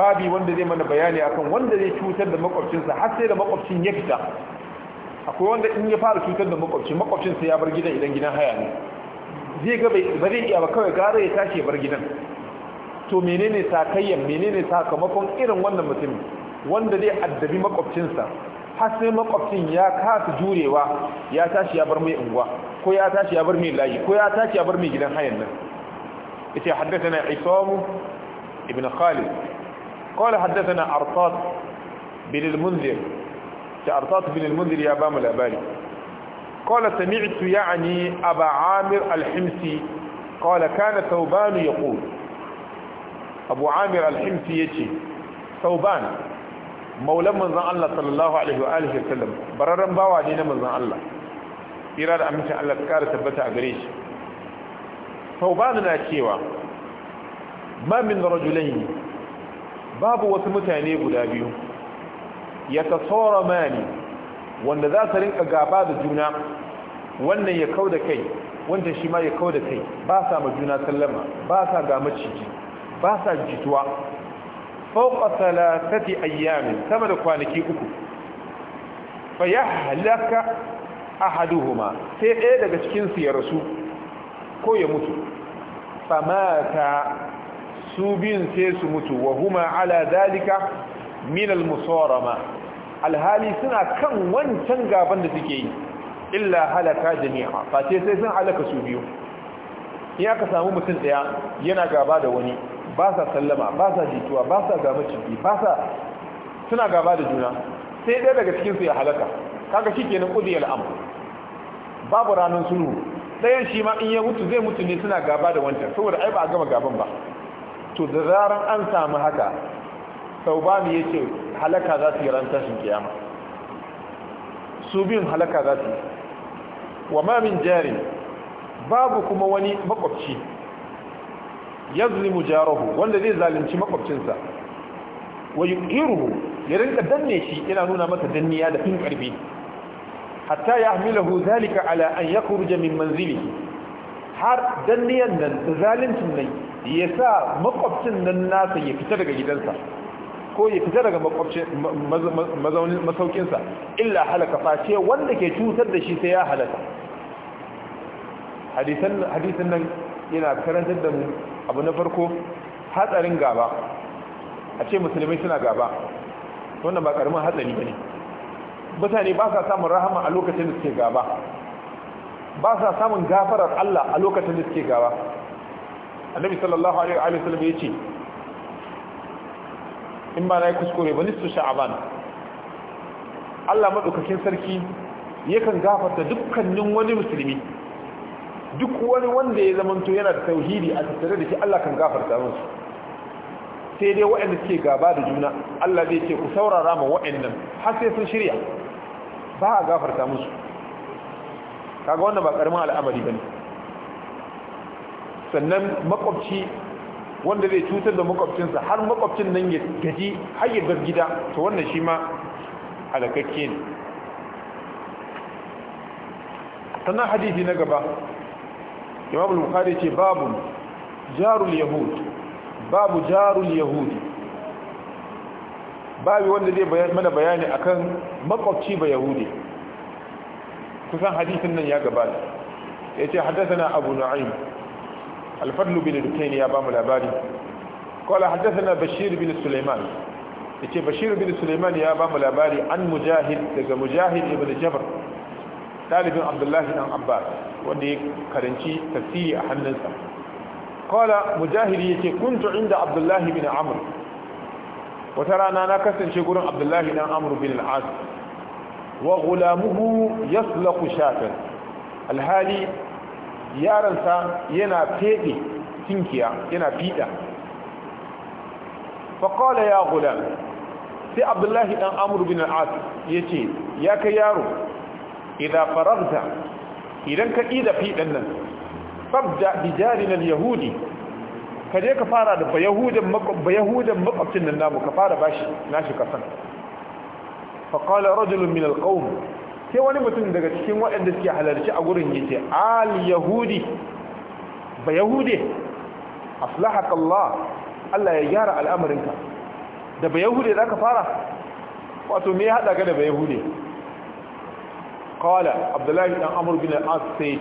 [SPEAKER 1] babi wanda zai mana bayani akan wanda zai cutar da makwabcinsa har sai da makwabcin ya fita akwai wanda in ya fara cutar da makwabci makwabcin ya bar gidan idan gidan haya ne zai ga ba zai iya ba kawai gara ya tashi ya bar gidan to menene sakayyan menene sakamakon irin wannan mutum wanda zai addabi makwabcinsa har sai makwabcin ya kasa jurewa ya tashi ya bar mai unguwa ko ya tashi ya bar mai layi ko ya tashi ya bar mai gidan hayan nan yace haddathana isamu ibn khalid قال حدثنا أرطاط بن المنذر أرطاط بن المنذر يا بام الأباري قال سمعت يعني أبا عامر الحمسي قال كان ثوبان يقول أبو عامر الحمسي يجي ثوبان مولى من ذا الله صلى الله عليه وآله وسلم بررن باوا دين من ذا الله إرادة أمشي الله تكار ثبت أغريش ثوبان ناكيوا ما من رجلين babu wasu mutane guda biyu ya tasora mani wanda za su rinka gaba da juna wannan ya kau da kai wanda shi ma ya kau da kai ba sa ma juna sallama ba sa ga maciji ba sa jituwa fauka salatati ayyami sama da kwanaki uku fa ya halaka ahaduhuma sai ɗaya daga cikinsu ya rasu ko ya mutu famata su biyun sai su mutu wa huma ala dalika min al-musarama alhali suna kan wancan gaban da suke yi illa halaka jami'a fa sai sun halaka su biyu in aka samu mutum daya yana gaba da wani ba sa sallama ba sa jituwa ba sa gaba ciki ba sa suna gaba da juna sai ɗaya daga cikin su ya halaka kaga shikenan al-amr babu ranar sulhu ɗayan shi ma in ya mutu zai mutu ne suna gaba da wancan saboda ai ba a gama gaban ba to da zaran an samu haka saubani ya ce halaka za su yi ran kiyama su biyun halaka za su yi wa mamin jari babu kuma wani makwabci ya zulimu jarahu wanda zai zalunci makwabcinsa wa yuqiruhu ya rinka danne shi yana nuna masa danniya da fin karfi hatta ya hamilahu zalika ala an yakhruja min manzilihi har danniyan nan da zaluncin nan ya sa makwabcin nan nasa ya fita daga gidansa ko ya fita daga mazaunin masaukinsa illa halaka face wanda ke cutar da shi sai ya halaka hadisan nan yana karantar da mu abu na farko hatsarin gaba a ce musulmai suna gaba wannan ba karamin hatsari ba ne mutane ba sa samun rahama a lokacin da suke gaba ba sa samun gafarar Allah a lokacin da suke gaba annabi sallallahu alaihi wa sallam ya in ba na kuskure ba nisu sha'aban Allah maɗaukakin sarki yakan gafarta dukkanin wani musulmi duk wani wanda ya zamanto yana da tauhidi a tattare da shi Allah kan gafarta musu sai dai waɗanda suke gaba da juna Allah zai ce ku saurara ma waɗannan har sai sun shirya ba a gafarta musu kaga wannan ba ƙaramin al'amari bane sannan makwabci wanda zai cutar da makwabcinsa har makwabcin nan ya gaji har ya bar gida to wannan shi ma halakakke ne sannan hadisi na gaba imam al ce babu jarul yahud babu jarul yahudi babu wanda zai mana bayani akan makwabci ba yahudi kusan hadisin nan ya gabata yace na abu nu'aym الفضل بن دكين يا بام الأباري قال حدثنا بشير بن سليمان yace Bashir bin Sulaiman ya ba mu labari an Mujahid daga Mujahid ibn Jabr talibin Abdullah ibn Abbas wanda ya karanci tafsiri a hannunsa qala Mujahid yace kuntu inda Abdullah ibn Amr wata rana na kasance gurin Abdullahi ibn Amr bin al-As wa ghulamuhu yaslaqu shatan alhali yaransa yana feɗe tinkiya yana fiɗa faƙola ya gudan sai abdullahi ɗan amur bin al'ad ya ce ya kai yaro idan fararta idan ka ƙida fiɗan nan fabda bijarinan yahudi ka je ka fara da bayahudan makwabcin nan namu ka fara bashi nashi kasan faƙola rajulun min alƙawun sai wani mutum daga cikin waɗanda suke halarci a gurin yace al yahudi ba yahude aslahaka Allah Allah ya gyara al'amarinka da ba yahude zaka fara wato me ya hada ka da ba yahude qala abdullahi dan amr bin al-as sai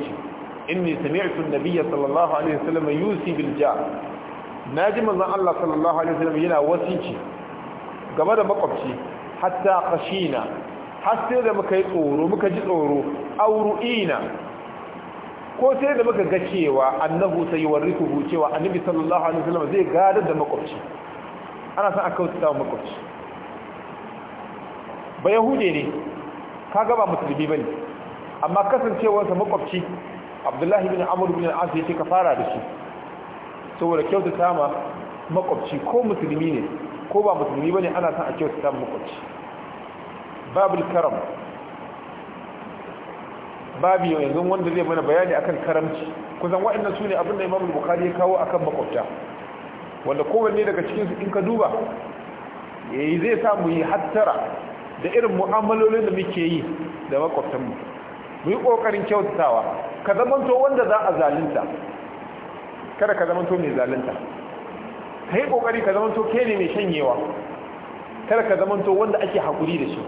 [SPEAKER 1] inni sami'tu an-nabiy sallallahu alaihi wasallam yusi bil jar naji manzon Allah sallallahu alaihi wasallam yana wasici game da makwabci hatta qashina har sai da muka yi tsoro muka ji tsoro auru'ina ko sai da muka ga cewa annahu sai warrituhu cewa annabi sallallahu alaihi wasallam zai gadar da makwabci ana san aka wuta makwabci ba yahude ne ga ba musulmi bane amma sa makwabci abdullahi bin amr bin al-as yake ka fara da shi saboda kyautata ma makwabci ko musulmi ne ko ba musulmi bane ana san a kyautata makwabci babul karam babi yanzu wanda zai mana bayani akan karamci Ku zan waɗannan su ne abinda imam bukhari ya kawo akan makwabta wanda kowanne daga cikin su in ka duba yayi zai sa mu yi hattara da irin mu'amalolin da muke yi da makwabtan mu mu yi kokarin kyautatawa ka zamanto wanda za a zalunta kada ka zamanto mai zalunta kai kokari ka zamanto kai ne mai shanyewa kada ka zamanto wanda ake hakuri da shi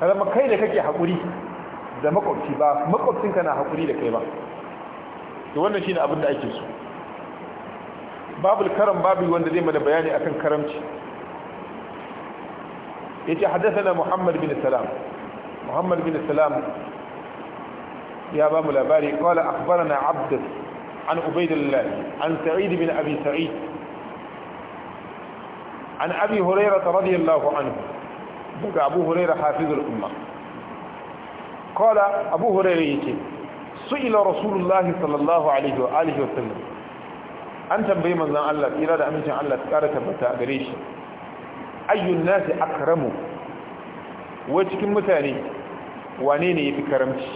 [SPEAKER 1] ka zama kai da kake haƙuri da makwabci ba makwabcinka na haƙuri da kai ba Da wannan shine abin da ake so babul karam babu wanda zai mana bayani akan karamci haddasa na muhammad bin salam muhammad bin salam ya ba mu labari qala akhbarana abd an ubaydillah an sa'id bin abi sa'id an abi hurairah radiyallahu anhu daga abu huraira hafizul umma kola abu huraira yake su ila rasulullahi sallallahu alaihi wa alihi wa sallam an tambayi manzon Allah tsira da amincin Allah tsara tabbata a gare shi ayyun nasi akramu wai cikin mutane wane ne yafi karamci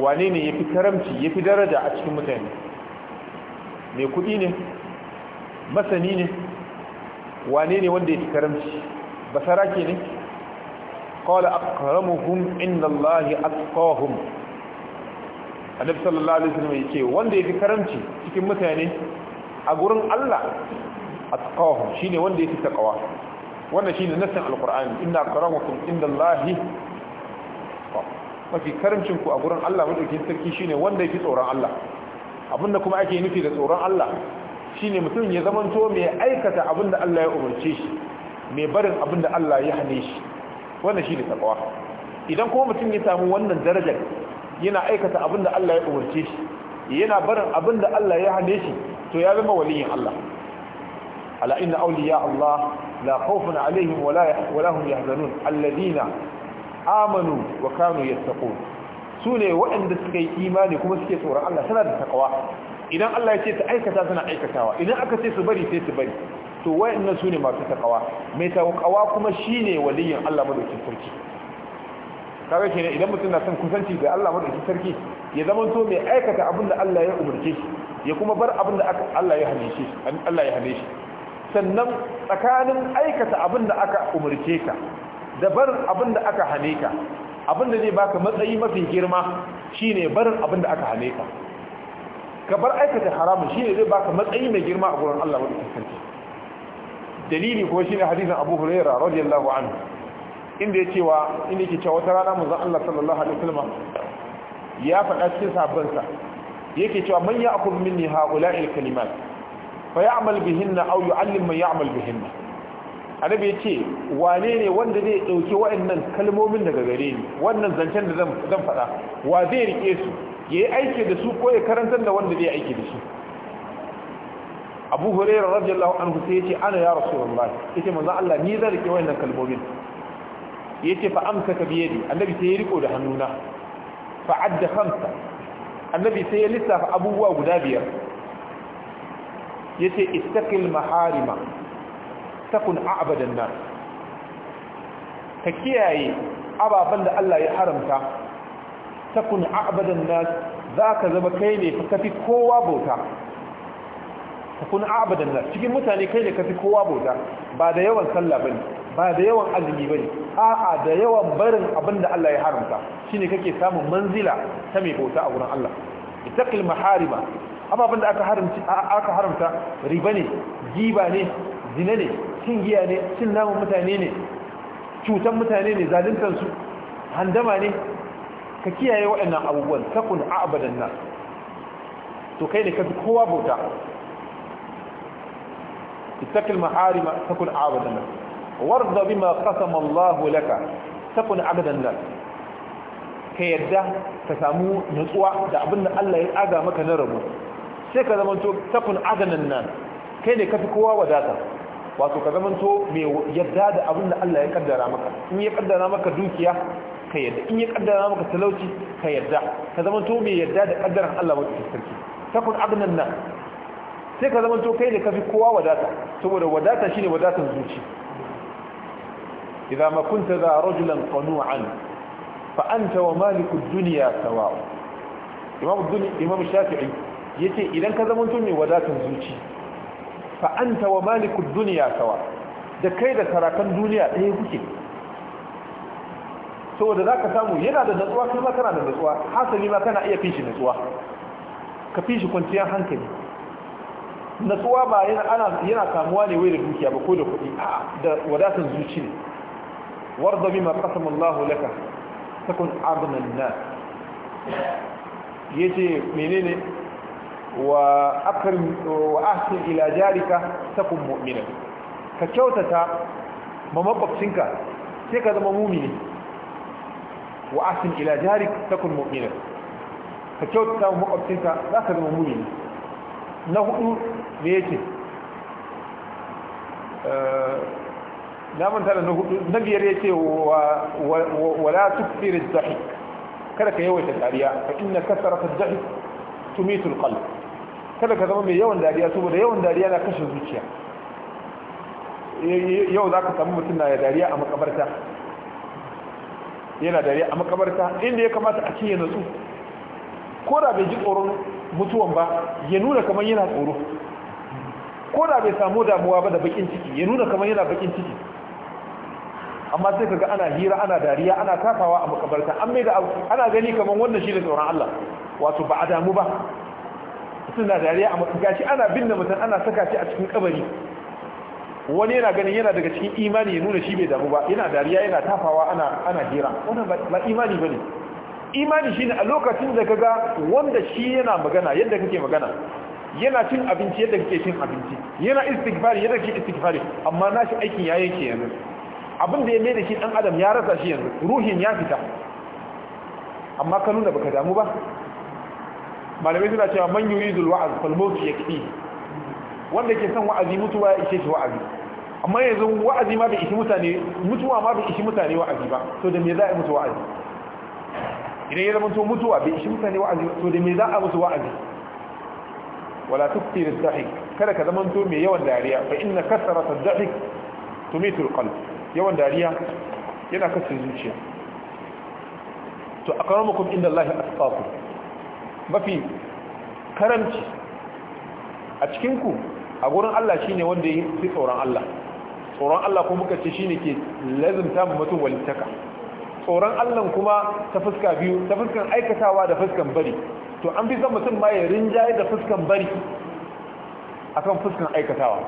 [SPEAKER 1] wane ne yafi karamci yafi daraja a cikin mutane mai kudi ne masani ne wane ne wanda yafi karamci basara ke ne qala akramuhum inda allahi atqahum annabi sallallahu alaihi wasallam yake wanda yafi karamci cikin mutane a gurin Allah atqahum shine wanda yafi takawa wannan shine nassin alqur'ani inna akramakum inda allahi mafi karamcin ku a gurin Allah madaukakin sarki shine wanda fi tsoron Allah abinda kuma ake nufi da tsoron Allah shine mutum ya zamanto mai aikata abinda Allah ya umarce shi mai barin abin da Allah ya hane shi wannan shi ne taƙawa. idan kuma mutum ya samu wannan darajar yana aikata abin da Allah ya umarce shi yana barin abin da Allah ya hane shi to ya zama waliyin Allah ala inna awliya Allah la khawfun alaihim wala wala hum yahzanun alladhina amanu wa kanu yattaqun sune waɗanda suka yi imani kuma suke tsoron Allah suna da taƙawa. idan Allah ya ce ta aikata suna aikatawa idan aka ce su bari sai su bari to nan su ne masu takawa mai takawa kuma shine waliyin Allah madaukakin sarki kaga kenan idan mutum na son kusanci da Allah madaukakin sarki ya zama to mai aikata abin da Allah ya umarce shi ya kuma bar abin da Allah ya hane shi Allah ya hane shi sannan tsakanin aikata abin da aka umarce ka da bar abin da aka hane ka abin da zai baka matsayi mafi girma shine barin abin da aka hane ka ka bar aikata haramun shine zai baka matsayi mai girma a gurin Allah madaukakin sarki dalili ko shine hadisin Abu Hurairah radiyallahu anhu inda yake cewa inda yake cewa wata rana manzon Allah sallallahu alaihi wasallam ya faɗa cikin sahabbansa yake cewa man ya'kul minni ha'ula'il kalimat fa ya'mal bihinna aw yu'allim man ya'mal bihinna annabi yake wane ne wanda zai dauki wa'annan kalmomin daga gare ni wannan zancen da zan zan faɗa wa zai rike su yayi aiki da su ko ya karantar da wanda zai aiki da shi abu hurairah radiyallahu anhu sai ce ana ya rasu rasulullahi yace maza Allah ni zai rike wannan kalmomin yace fa amsa amsaka bi yadi annabi sai ya riko da hannuna fa adda khamsa annabi sai ya lissafa abubuwa guda biyar yace istaqil maharima takun a'badan nas ka kiyaye ababan da Allah ya haramta takun a'badan za ka zama kai ne ka fi kowa bauta ka kuna abadan nan cikin mutane kai ne ka fi kowa bauta ba da yawan sallah bane ba da yawan azumi bane a'a da yawan barin abinda da Allah ya haramta shine kake samun manzila ta mai bauta a gurin Allah itaqil maharima ababen da aka haramta aka haramta riba ne giba ne zina ne cin giya ne cin namun mutane ne cutan mutane ne zaluntar su handama ne ka kiyaye waɗannan abubuwan takun abadan nan to kai ne ka fi kowa bauta اتق المحارم تكن عبدا لك وارض بما قسم الله لك تكن عبدا لك ka yadda ka samu nutsuwa da abin da Allah ya aga maka na rabu sai ka zamanto takun adanan nan kai ne kafi kowa wadata wato ka zamanto mai yadda da abin da Allah ya kaddara maka in ya kaddara maka dukiya ka yadda in ya maka talauci ka ka mai yadda da kaddaran Allah wata nan sai ka zamanto kai ne kafi kowa wadata saboda wadata shine wadatan zuci idza ma kunta za rajulan qanu'an fa anta wa malik ad-dunya sawa imam ad-dunya imam shafi'i yace idan ka zamanto mai wadatan zuci Fa'anta wa malik duniya dunya da kai da sarakan duniya ɗaya kuke saboda za ka samu yana da natsuwa kai kana da natsuwa hasali ma kana iya fi shi natsuwa ka fi shi kwanciyar hankali natsuwa ba yana samuwa ne wai da dukiya ba ko da kuɗi da wadatar zuci ne warda bima qasama Allahu laka takun abnan nas yace menene wa akrim wa ahsin ila jarika takun mu'mina ka kyautata ma makwabcinka sai ka zama mumini wa ahsin ila jarik takun mu'mina ka kyautata ma makwabcinka za ka zama mumini na hudu me yake eh, na manta da na hudu na biyar yake wala tukfirin zahi kada ka yawaita dariya fa inna kasarata zahi tumitul qalb kada ka zama mai yawan dariya saboda yawan dariya na kashe zuciya yau za ka samu mutum na dariya a makabarta yana dariya a makabarta inda ya kamata a ce ya natsu ko da bai ji tsoron mutuwan ba ya nuna kamar yana tsoro ko da bai samu damuwa ba da bakin ciki ya nuna kamar yana bakin ciki amma sai kaga ana hira ana dariya ana tafawa a makabarta an mai da ana gani kamar wannan shi ne tsoron Allah wato ba a damu ba suna dariya a gashi ana binne mutum ana saka shi a cikin kabari wani yana ganin yana daga cikin imani ya nuna shi bai damu ba yana dariya yana tafawa ana ana hira wannan ba imani bane imani shine a lokacin da kaga wanda shi yana magana yadda kake magana yana cin abinci yadda kake cin abinci yana istighfari yadda kake istighfari amma nashi aikin ya yanke yanzu abin da ya mai da shi dan adam ya rasa shi yanzu ruhin ya fita amma ka nuna baka damu ba malamai suna cewa man yuridul wa'az fal mawt yakfi wanda ke son wa'azi mutuwa ya ishe shi wa'azi amma yanzu wa'azi ma bai ishi mutane mutuwa ma bai ishi mutane wa'azi ba to da me za a mutu wa'azi idan ya zama mutuwa bai shi mutane wa'azi to da me za a musu wa'azi wala tuktir dhahik kada ka zama to mai yawan dariya fa inna kasrata dhahik tumitu alqalb yawan dariya yana kashe zuciya to akramukum inda Allah atqakum mafi karamci a cikin ku a gurin Allah shine wanda ya fi tsoron Allah tsoron Allah ko muka ce shine ke lazimta mu mutum walittaka tsoron Allah kuma ta fuska biyu ta fuskan aikatawa da fuskan bari to an fi son mutum ma ya rinjaye da fuskan bari akan fuskan aikatawa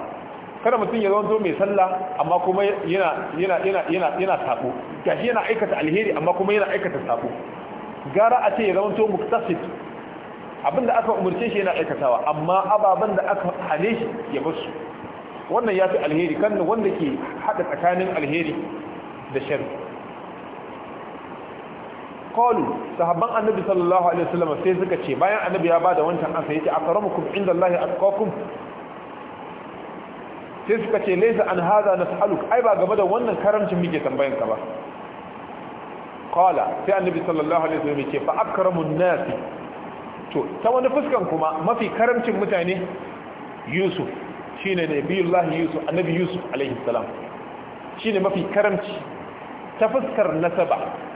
[SPEAKER 1] kada mutum ya zanto mai sallah amma kuma yana yana yana yana yana sako gashi yana aikata alheri amma kuma yana aikata sako gara a ce ya zanto muktasid abinda aka umurce shi yana aikatawa amma ababen da aka hane shi ya bar su wannan ya fi alheri kan wanda ke haɗa tsakanin alheri da shari qalu sahabban annabi sallallahu alaihi wasallam sai suka ce bayan annabi ya bada wancan ansa yace akramukum Allah atqakum sai suka ce laysa an hadha nas'aluk ai ba game da wannan karamcin muke tambayan ka ba qala sai annabi sallallahu alaihi wasallam yace fa akramun nas to ta wani fuskan kuma mafi karamcin mutane yusuf shine nabiyullahi yusuf annabi yusuf alaihi salam shine mafi karamci ta fuskar nasaba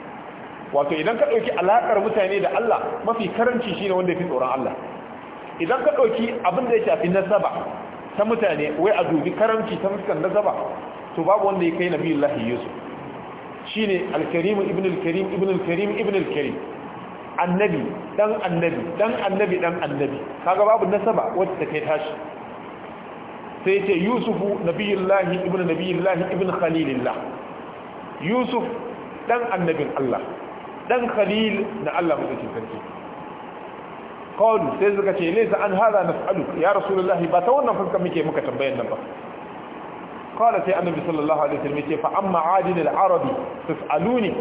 [SPEAKER 1] wato idan ka ɗauki alaƙar mutane da Allah mafi karanci shi ne wanda ya fi tsoron Allah idan ka ɗauki abin da ya shafi nasaba ta mutane wai a dubi karanci ta fuskar nasaba to babu wanda ya kai nabiyullahi yusuf Shi ne karim ibn al ibn al ibn al annabi dan annabi dan annabi dan annabi kaga babu nasaba wacce take tashi sai ce yusufu nabiyullahi ibn nabiyullahi ibn khalilillah yusuf dan annabin Allah dan khalil da Allah madaukin sarki qalu sai suka ce laysa an hada nas'alu ya rasulullah ba ta wannan fuska muke muka tambayan nan ba qala sai annabi sallallahu alaihi wasallam ce fa amma adil al-arabi tas'aluni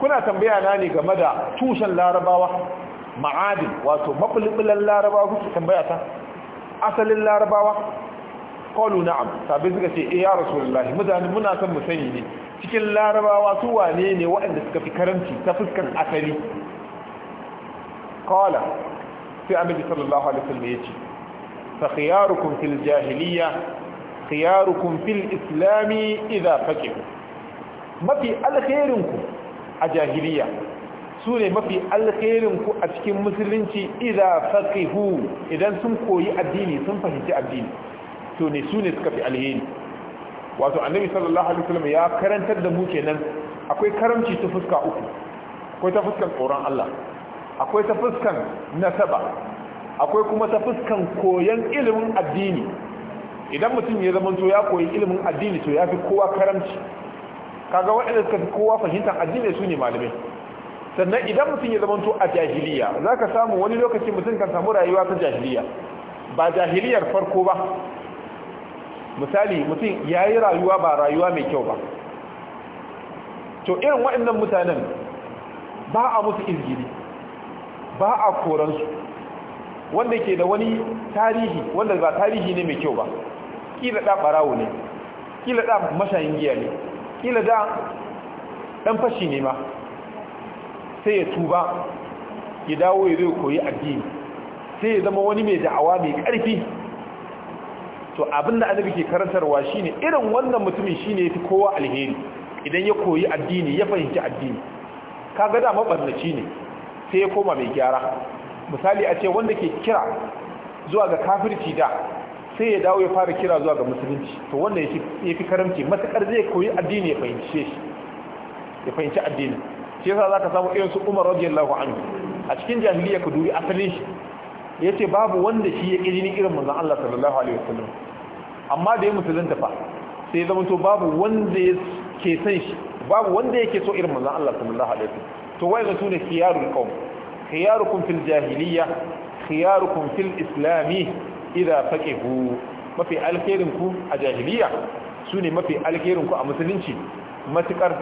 [SPEAKER 1] kuna tambaya na ne game da tushen larabawa ma'adin wato mabulbulan larabawa kuke tambaya ta asalin larabawa qalu na'am sabai suka ce eh ya rasulullahi mutane muna son mu sani ne cikin larabawa su wane ne waɗanda suka fi karanci ta fuskar asali qala sai annabi sallallahu alaihi wasallam ya ce fa khiyarukum fil jahiliya khiyarukum fil islami idza faqihu mafi alkhairinku a jahiliya su ne mafi alkhairinku a cikin musulunci idan faqihu idan sun koyi addini sun fahimci addini to ne su ne suka fi alheri wato annabi sallallahu alaihi wasallam ya karantar da mu kenan akwai karamci ta fuska uku akwai ta fuskan tsoron Allah akwai ta fuskan nasaba akwai kuma ta fuskan koyan ilimin addini idan mutum ya zama to ya koyi ilimin addini to ya fi kowa karamci kaga waɗanda suka fi kowa fahimtar addini su ne malamai sannan idan mutum ya zama to a jahiliya za ka samu wani lokaci mutum kan samu rayuwa ta jahiliya ba jahiliyar farko ba misali mutum ya yi rayuwa ba rayuwa mai kyau ba to irin waɗannan mutanen ba a musu izgiri ba a koransu wanda ke da wani tarihi wanda ba tarihi ne mai kyau ba kila da ɓarawo ne kila da mashayin giya ne kila da ɗan fashi ne ma sai ya tuba ya dawo ya zai koyi addini sai ya zama wani mai da'awa mai ƙarfi to abin da annabi ke karantarwa shine irin wannan mutumin shi shine yafi kowa alheri idan ya koyi addini ya fahimci addini kaga da mabarnaci ne sai ya koma mai gyara misali a ce wanda ke kira zuwa ga kafirci da sai ya dawo ya fara kira zuwa ga musulunci to wannan yafi karamci matakar zai koyi addini ya fahimce shi ya fahimci addini shi yasa zaka samu irin su Umar radiyallahu anhu a cikin jahiliya ku duri asalin shi ce babu wanda shi ya ƙirini irin manzon Allah sallallahu alaihi wasallam amma da ya musulunta fa sai zama to babu wanda ya ke san shi babu wanda yake so irin manzon Allah sallallahu alaihi wasallam to wai sune tune khiyarul qaum khiyarukum fil jahiliya khiyarukum fil islami idza faqihu mafi alkhairin ku a jahiliya sune mafi alkhairin ku a musulunci matukar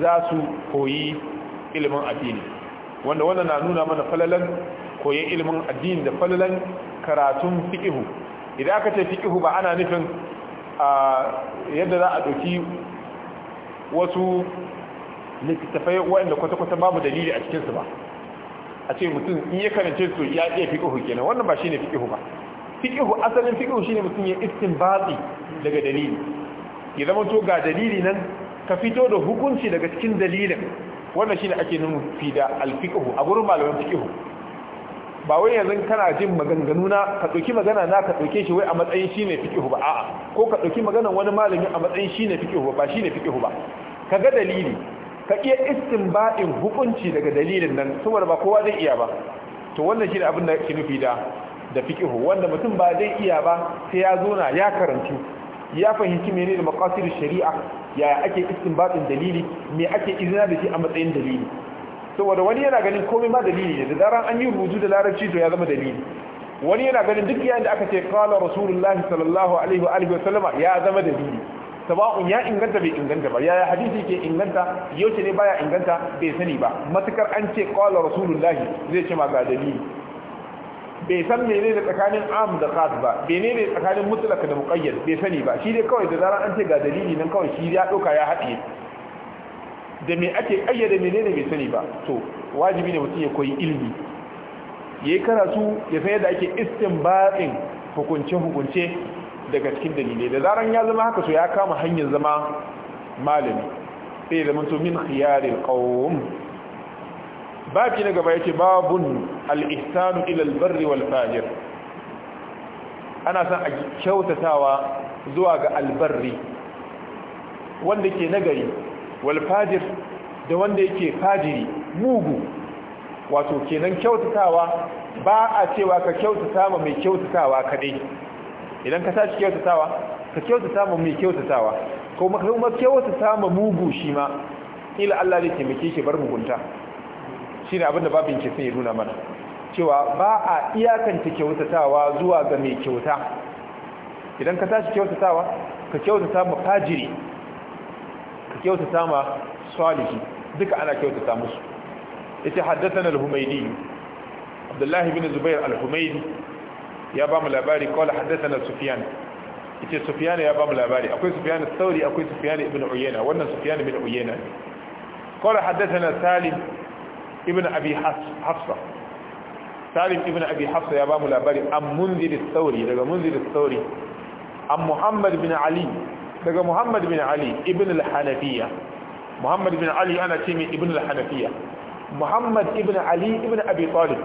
[SPEAKER 1] za su koyi ilimin addini wanda wannan na nuna mana falalan koyi ilimin addini da falalan karatun fiqhu idan aka ce fiqhu ba ana nufin yadda za a ɗauki wasu littattafai waɗanda kwata-kwata babu dalili a cikinsu ba a ce mutum in ya karance su ya iya fiƙihu kenan wannan ba shine fiƙihu ba fiƙihu asalin fiƙihu shine mutum ya batsi daga dalili ya zama to ga dalili nan ka fito da hukunci daga cikin dalilin wannan shine ake nufin fi da alfiƙihu a gurin malaman fiƙihu ba wai yanzu kana jin maganganu na ka ɗauki magana na ka ɗauke shi wai a matsayin shi ne fiƙihu ba a'a ko ka ɗauki magana wani malami a matsayin shi ne fiƙihu ba shi ne fiƙihu ba ka ga dalili ka iya istinbadin hukunci daga dalilin nan saboda ba kowa zai iya ba to wannan shi ne abin da ke nufi da da fiƙihu wanda mutum ba zai iya ba sai ya zo na ya karantu ya fahimci menene da shari'a yaya ake istinbadin dalili me ake izina da shi a matsayin dalili saboda wani yana ganin komai ma dalili ne da zaran an yi rubutu da larabci to ya zama dalili wani yana ganin duk yayin da aka ce qala rasulullahi sallallahu alaihi wa alihi wa ya zama dalili saba'un ya inganta bai inganta ba yaya hadisi ke inganta yaushe ne baya inganta bai sani ba matukar an ce qala rasulullahi zai ce ma ga dalili bai san menene tsakanin am da khas ba menene tsakanin mutlaq da muqayyad bai sani ba shi dai kawai da zaran an ce ga dalili nan kawai shi ya doka ya haɗiye da me ake da menene mai sani ba to wajibi ne mutum ya koyi ilimi yi karatu ya san yadda ake ba'in hukunce hukunce daga cikin dalilai da zaran ya zama haka so ya kama hanyar zama malami sai zama to min khiyaril Ba baki na gaba ce babun al ilal barri wal fajir ana san a kyautatawa zuwa ga albarri wanda ke nagari wal da wanda yake fajiri mugu wato kenan kyautatawa ba a cewa ka kyautata ma mai kyautatawa kadai idan ka tashi kyautatawa ka kyautata ma mai kyautatawa ko kuma kyautata ma mugu shi ma ila Allah zai taimake shi bar mugunta shi ne abinda babin ke ya nuna mana cewa ba a iyakanta kyautatawa zuwa ga mai kyauta idan ka tashi kyautatawa ka kyautata ma fajiri kyautata ma salihi duka ana kyautata musu yace haddathana al-humaydi abdullahi bin zubair al-humaydi ya ba mu labari qala haddathana sufyan ita sufyan ya ba mu labari akwai sufyan al-thawri akwai sufyan ibn uyayna wannan sufyan ibn uyayna qala haddathana salim ibn abi hafsa salim ibn abi hafsa ya ba mu labari am munzir al-thawri daga munzir al-thawri an muhammad bin ali daga muhammad bin ali ibn al-hanafiya muhammad bin ali ana ce mai ibn al-hanafiya muhammad ibn ali ibn abi talib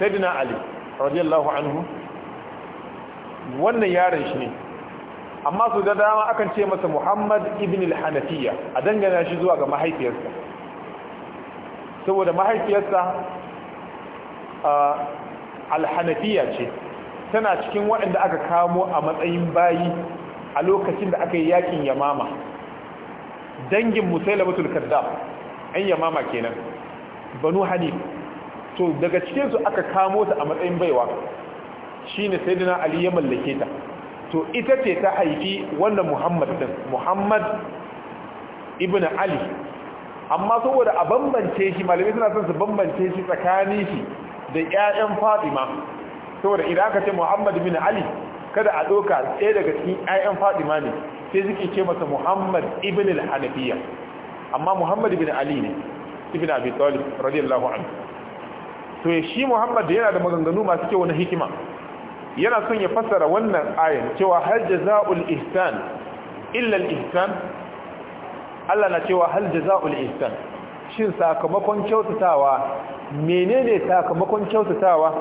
[SPEAKER 1] sayyidina ali radiyallahu anhu wannan yaron shi ne amma su da dama akan ce masa muhammad ibn al-hanafiya a dangana shi zuwa ga mahaifiyarsa saboda mahaifiyarsa al-hanafiya ce tana cikin waɗanda aka kamo a matsayin bayi a lokacin da aka yi yakin yamama dangin musailamatul kazzab an yamama kenan banu hanif to daga cikin su aka kamo ta a matsayin baiwa shine sayyidina ali ya mallake ta to ita ce ta haifi wannan muhammad din muhammad ibnu ali amma saboda a bambance shi malamai suna son su bambance shi tsakanin shi da ƴaƴan fatima saboda idan aka ce muhammad ibnu ali kada a ɗauka tsaye daga cikin 'ya'yan fadima ne sai suke ce masa muhammad ibn al-hanafiya amma muhammad ibn ali ne ibn abi talib radiyallahu anhu to shi muhammad yana da maganganu masu kyau na hikima yana son ya fassara wannan ayan cewa hal jazaa'ul ihsan illa al-ihsan Allah na cewa hal jazaa'ul ihsan shin sakamakon kyautatawa menene sakamakon kyautatawa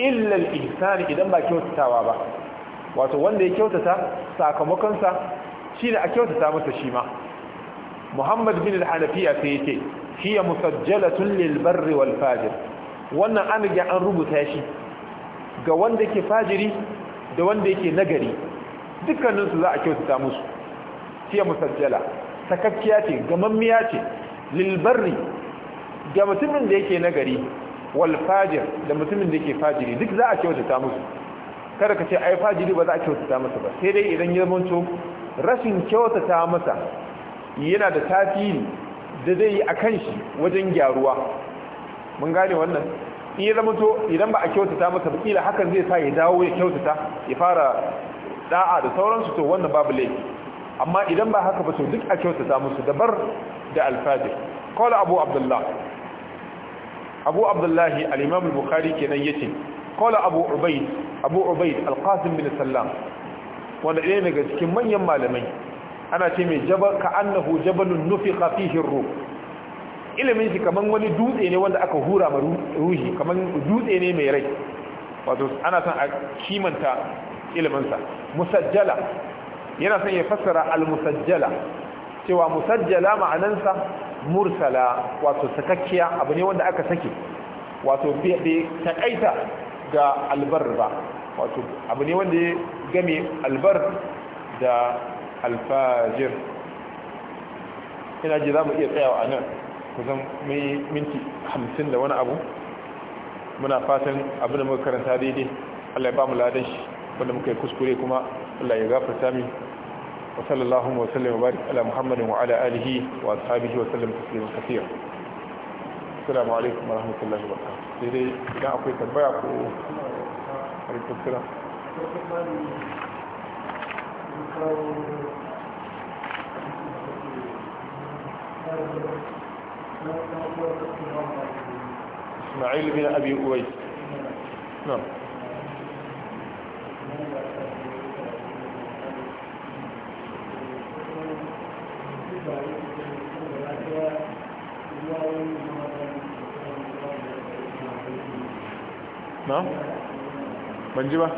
[SPEAKER 1] illa al-ihsan idan ba kyautatawa ba wato wanda ya kyautata sakamakonsa ne a kyautata masa shi ma Muhammad bin al-Hanafiya sai yake hiya musajjalatun lil barri wal fajir wannan an ga an rubuta shi ga wanda yake fajiri da wanda yake nagari dukkanin su za a kyautata musu hiya musajjala sakakkiya ce gamammiya ce lil barri ga mutumin da yake nagari wal fajir da mutumin da yake fajiri duk za a kyautata musu kada ka ce ai fajiri ba za a kyautata masa ba sai dai idan ya zamanto rashin kyautata masa yana da tasiri da zai yi a kan shi wajen gyaruwa mun gane wannan in ya zamanto idan ba a kyautata masa ba kila hakan zai sa ya dawo ya kyautata ya fara da'a da sauransu to wannan babu laifi amma idan ba haka ba to duk a kyautata musu da bar da alfajir qala abu abdullah abu Abdullahi, al-imam al-bukhari kenan yace kola abu ubaid abu ubaid alqasim bin sallam wanda ɗaya daga cikin manyan malamai ana ce mai jabal ka annahu jabalun nufiqa fihi ruh ilimin shi kaman wani dutse ne wanda aka hura ma ruhi kaman dutse ne mai rai wato ana son a kimanta iliminsa musajjala yana son ya fassara al-musajjala cewa musajjala ma'anansa mursala wato sakakkiya abu ne wanda aka sake wato bai takaita da albar ba wato abu ne wanda ya game albar da alfajir ina ji za mu iya tsayawa a nan kusan mai minti hamsin da wani abu muna fatan abin da muka karanta daidai allah ya ba mu ladan shi wanda muka yi kuskure kuma allah ya gafarta min wa sallallahu wa sallam wa barik ala muhammadin wa ala alihi wa ashabihi wa sallam taslima kathira assalamu alaikum wa rahmatullahi wa barakatuh sai dai idan akwai tambaya
[SPEAKER 2] ko rikustira
[SPEAKER 1] اسماعيل بن ابي اويس
[SPEAKER 2] na? ban ji ba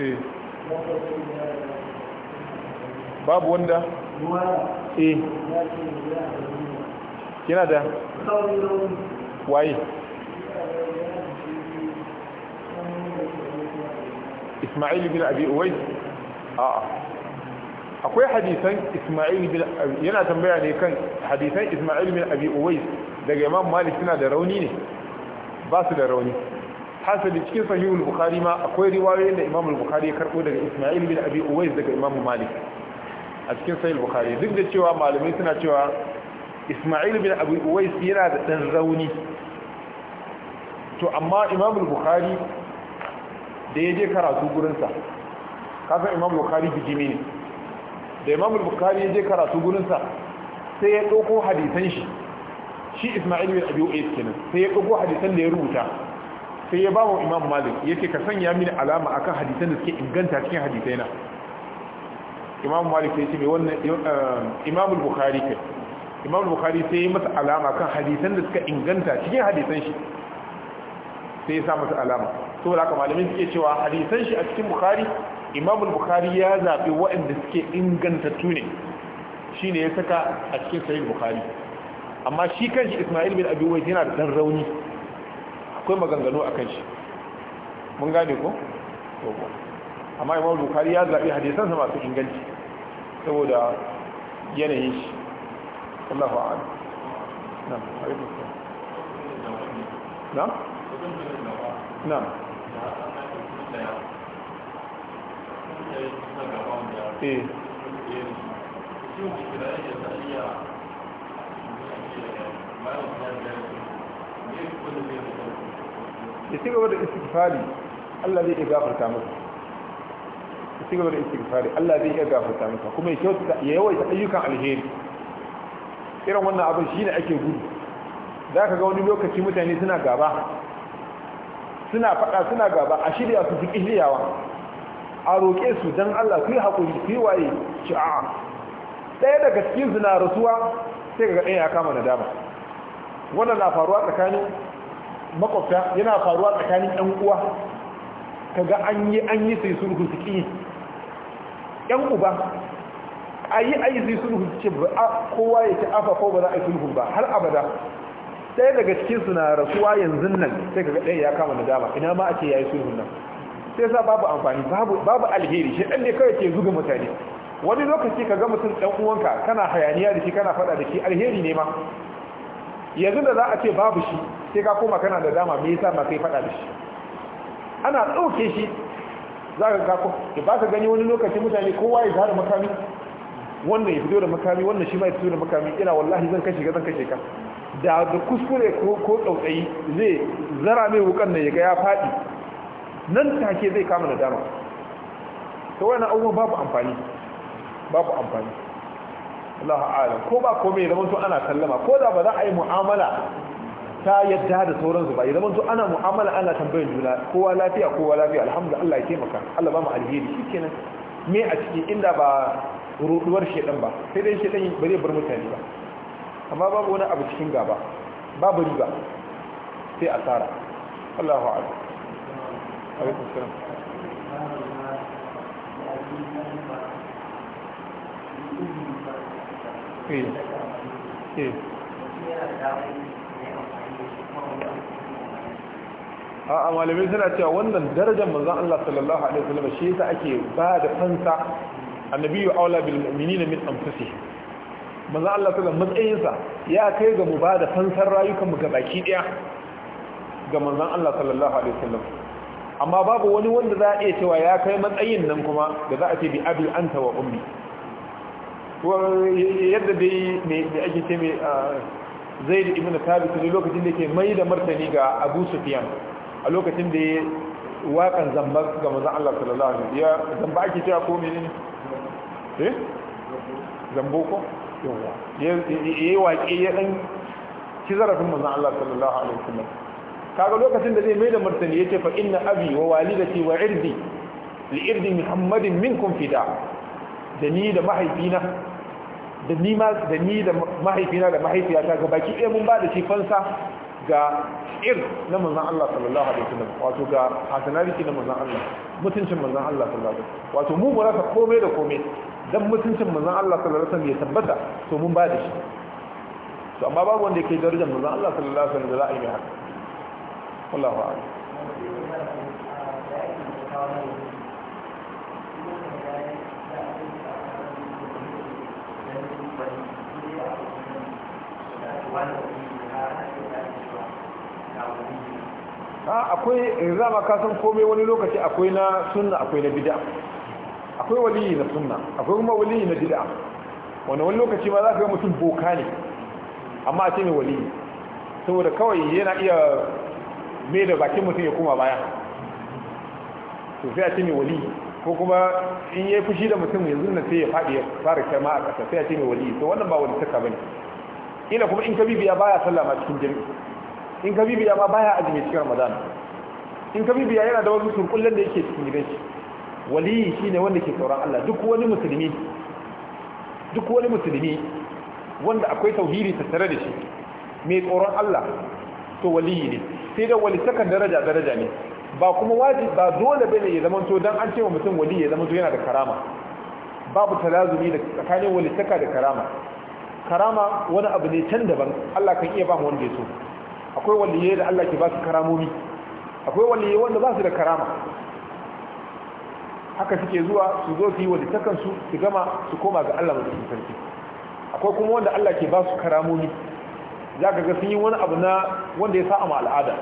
[SPEAKER 2] eh. babu wanda? eh
[SPEAKER 1] kina da waye ismail bin abi uwais a'a akwai hadisan ismail bin yana tambaya ne kan hadisan Isma'il bin Abi Uwais daga Imam Malik suna da rauni ne ba su da rauni hasali cikin sahihul Bukhari ma akwai riwayoyin da Imam al Bukhari ya karbo daga Isma'il bin Abi Uwais daga Imam Malik a cikin sahihul Bukhari duk da cewa malamai suna cewa Isma'il bin Abi Uwais yana da dan rauni to amma Imam al Bukhari da ya je karatu gurinsa kafin Imam Bukhari bijimi ne da Imam al Bukhari ya je karatu gurinsa sai ya ɗauko hadisan shi shi ismail bin abu a kenan sai ya ɗauko hadisan da ya rubuta sai ya ba wa imam malik ya ce ka sanya mini alama akan hadisan da suke inganta cikin hadisai na imam malik sai ce mai wannan eh, eh, imam bukhari kai imam bukhari sai ya masa alama kan hadisan da suka inganta cikin hadisan shi sai ya sa masa alama da haka malamin suke cewa hadisan shi a cikin bukhari imam bukhari ya zaɓi waɗanda suke inganta tune Shi ne ya saka a cikin sahih bukhari amma shi kanshi isma'il bin abi wais yana da dan rauni akwai maganganu kan shi mun gane ko to amma imam bukhari ya zabi hadisan sa masu inganci saboda yanayin shi Allahu a'lam na'am
[SPEAKER 2] na'am na'am eh.
[SPEAKER 1] ya ci gaba da istighfari Allah zai iya gafarta masa ya gaba da istighfari Allah zai iya gafarta masa kuma ya kyauta ya yawaita ayyukan alheri irin wannan abin shi ne ake gudu za ka ga wani lokaci mutane suna gaba suna faɗa suna gaba a shirya su fi ƙihliyawa a roƙe su don Allah su yi haƙuri su yi waye ci a'a ɗaya daga cikin zina rasuwa sai ga ɗaya ya kama nadama wannan na faruwa tsakanin makwabta yana faruwa tsakanin ɗan uwa ga an yi an yi sai sulhu su ƙi ƴan uba a yi a yi sai sulhu su ce kowa ya ci afa ko ba za a yi sulhu ba har abada ɗaya daga cikin su na rasuwa yanzu nan sai ga ɗaya ya kama nadama ina ma ake yayi sulhu nan sai sa babu amfani babu alheri shi ɗan ne kawai ke zuga mutane wani lokaci ka ga mutum ɗan uwanka kana hayaniya da shi kana fada da shi alheri ne ma yanzu da za a ce babu shi sai ka koma kana da dama me yasa ba kai fada da shi ana dauke shi za ka ga ko ba ka gani wani lokaci mutane kowa ya zara makami wannan ya fito da makami wannan shi ma ya fito da makami ina wallahi zan kashe ka zan kashe ka da da kuskure ko ko tsautsayi zai zara mai wukan nan ya ga ya fadi nan take zai kama da dama to wannan abubuwan babu amfani babu amfani Allah alam ko ba komai zaman to ana sallama ko da ba za a yi mu'amala ta yadda da sauransu ba zaman to ana mu'amala ana tambayar juna kowa lafiya kowa lafiya alhamdulillah Allah ya taimaka Allah ba mu alheri shikenan me a cikin inda ba ruduwar shedan ba sai dai shedan ba zai bar mutane ba amma babu wani abu cikin gaba babu riba sai asara Allahu a'lam
[SPEAKER 2] alaikum
[SPEAKER 1] a malamai suna cewa wannan darajar manzon Allah sallallahu alaihi wasallam shi yasa ake ba da fansa annabiyyu aula bil mu'minina min anfusih manzon Allah sallallahu alaihi matsayinsa ya kai ga mu ba da fansar rayukan mu ga baki daya ga manzon Allah sallallahu alaihi wasallam amma babu wani wanda za a iya cewa ya kai matsayin nan kuma da za a ce bi abi anta wa ummi yadda dai mai ake ce mai zai da ibn thabit ne lokacin da ke mai da martani ga abu sufiyan a lokacin da ya waƙan zamba ga mazan allah sallallahu alaihi ya zamba ake cewa ko menene eh zambo ko yawa ya yi waƙe ya ɗan ci zarafin mazan allah sallallahu alaihi wasallam kaga lokacin da zai mai da martani ya ce fa inna abi wa walidati wa irdi li irdi muhammadin minkum fida da ni da mahaifina da ni ma da ni da mahaifina da mahaifiyata ga baki ɗaya mun ba da shi fansa ga ir na manzan Allah sallallahu alaihi wasallam wato ga hasanariki na manzan Allah mutuncin manzan Allah sallallahu alaihi wasallam wato mu mu rasa komai da komai dan mutuncin manzan Allah sallallahu alaihi wasallam ya tabbata to mun ba da shi to amma babu wanda yake darajar manzan Allah sallallahu alaihi wasallam da za a yi haka wallahu a'lam a ah, akwai zama eh, kasan komai wani lokaci akwai na sunna akwai na bid'a akwai waliyi na sunna akwai kuma waliyi na bid'a wani wani lokaci ma za ka yi mutum boka ne amma a ce mai waliyi saboda kawai yana iya mai da bakin mutum ya koma baya to sai a ce mai waliyi ko kuma in yi fushi da mutum yanzu na sai ya faɗi ya fara kyama a ƙasa sai a ce mai wali to wannan ba wani taka bane Ina kuma in ka bibiya baya sallah ma cikin jami'i in ka bibiya ma baya azumi cikin ramadan in ka bibiya yana da wani surkullen da yake cikin gidan shi wali shine wanda ke tsoron Allah duk wani musulmi duk wani musulmi wanda akwai tauhidi tattare da shi mai tsoron Allah to wali ne sai da wali sakan daraja daraja ne ba kuma waji ba dole bane ya zamanto dan an ce wa mutum wali ya to yana da karama babu talazumi da tsakanin walittaka da karama karama wani abu ne can daban Allah kan iya ba mu wanda ya so akwai waliyai da Allah ke ba su karamomi akwai waliyai wanda ba su da karama haka suke zuwa su zo su yi takan su su gama su koma ga Allah mai sarki akwai kuma wanda Allah ke ba su karamomi za ka ga sun yi wani abu na wanda ya sa ma al'ada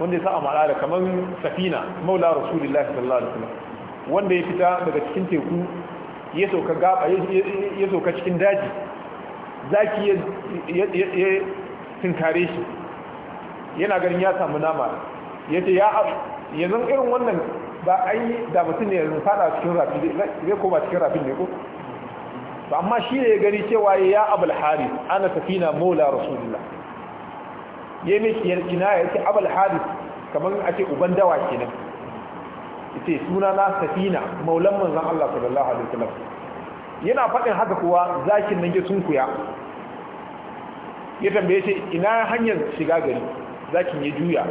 [SPEAKER 1] wanda ya sa amara da kamar safina maula rasulullahi sallallahu alaihi wasallam wanda ya fita daga cikin teku ya sauka gaba ya sauka cikin daji zaki ya tinkare shi yana ganin ya samu nama ya ce ya abu yanzu irin wannan ba an yi da mutum ne yanzu fada cikin rafi zai koma cikin rafi ne ko amma shi ne ya gani cewa ya abu alhari ana safina maula rasulullahi ya mai kiyar ya ce abal hadis kamar a ce uban dawa kenan ce suna na safina maulan manzan Allah sallallahu alaihi wasallam yana faɗin haka kuwa zakin nan ya sunkuya ya tambaye shi ina hanyar shiga gari zakin ya juya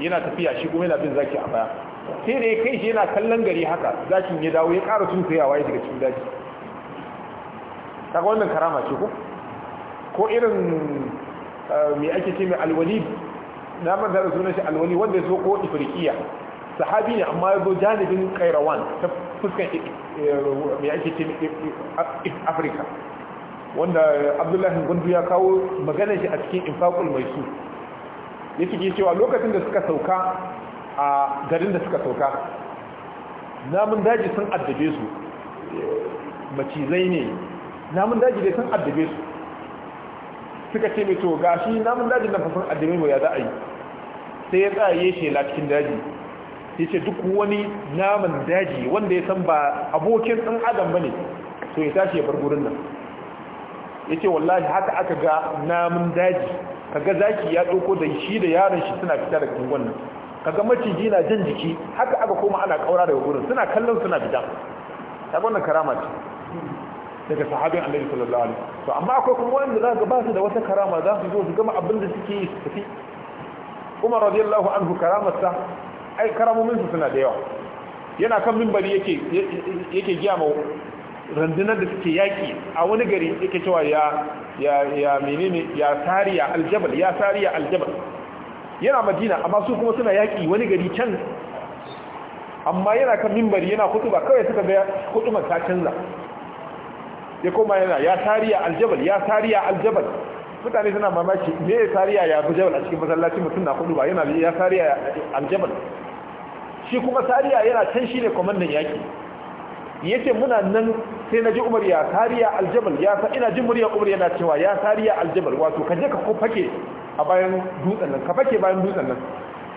[SPEAKER 1] yana tafiya shi kuma yana bin zaki a baya sai da ya kai shi yana kallon gari haka zakin ya dawo ya ƙara sunkuyawa ya shiga cikin daji ga wannan karama ce ko ko irin mai ake ce mai alwali na manta da sunan shi alwali wanda ya zo ko ifriqiya sahabi ne amma ya zo janibin kairawan ta fuskan mai ake ce afirka wanda abdullahi gundu ya kawo maganar shi a cikin infakul mai su ya ke cewa lokacin da suka sauka a garin da suka sauka namun daji sun addabe su macizai ne namun daji dai sun addabe su suka ce mai to ga shi namun daji na fasan addini ya za a yi sai ya a ya shela cikin daji ya ce duk wani namun daji wanda ya san ba abokin ɗan adam ba ne to ya tashi ya bar gurin nan ya ce wallahi haka aka ga namun daji Ka ga zaki ya ɗauko da shi da yaron shi suna fita daga nan Ka ga maciji na jan jiki haka aka koma ana ƙaura daga gurin suna kallon suna fita ta wannan karama ce daga sahabin annabi sallallahu alaihi wasallam to amma akwai kuma wanda zaka ga ba su da wata karama za su zo su gama abin da suke yi su tafi Umar radiyallahu anhu karamarsa ai karamomin su suna da yawa yana kan minbari yake yake giya mu rundunar da suke yaki a wani gari yake cewa ya ya ya menene ya sariya aljabal ya sariya aljabal yana madina amma su kuma suna yaki wani gari can amma yana kan minbari yana kutuba kawai suka ga kutuban ta canza ya koma yana ya tariya aljabal ya tariya aljabal mutane suna mamaki me ya tariya ya fi jabal a cikin masallaci mutum na hudu ba yana ya tariya aljabal shi kuma tariya yana can shi ne kwamandan yaƙi ya ce muna nan sai na ji umar ya tariya aljabal ya sa ina jin murya umar yana cewa ya tariya aljabal wato ka je ka ko fake a bayan dutsen nan ka fake bayan dutsen nan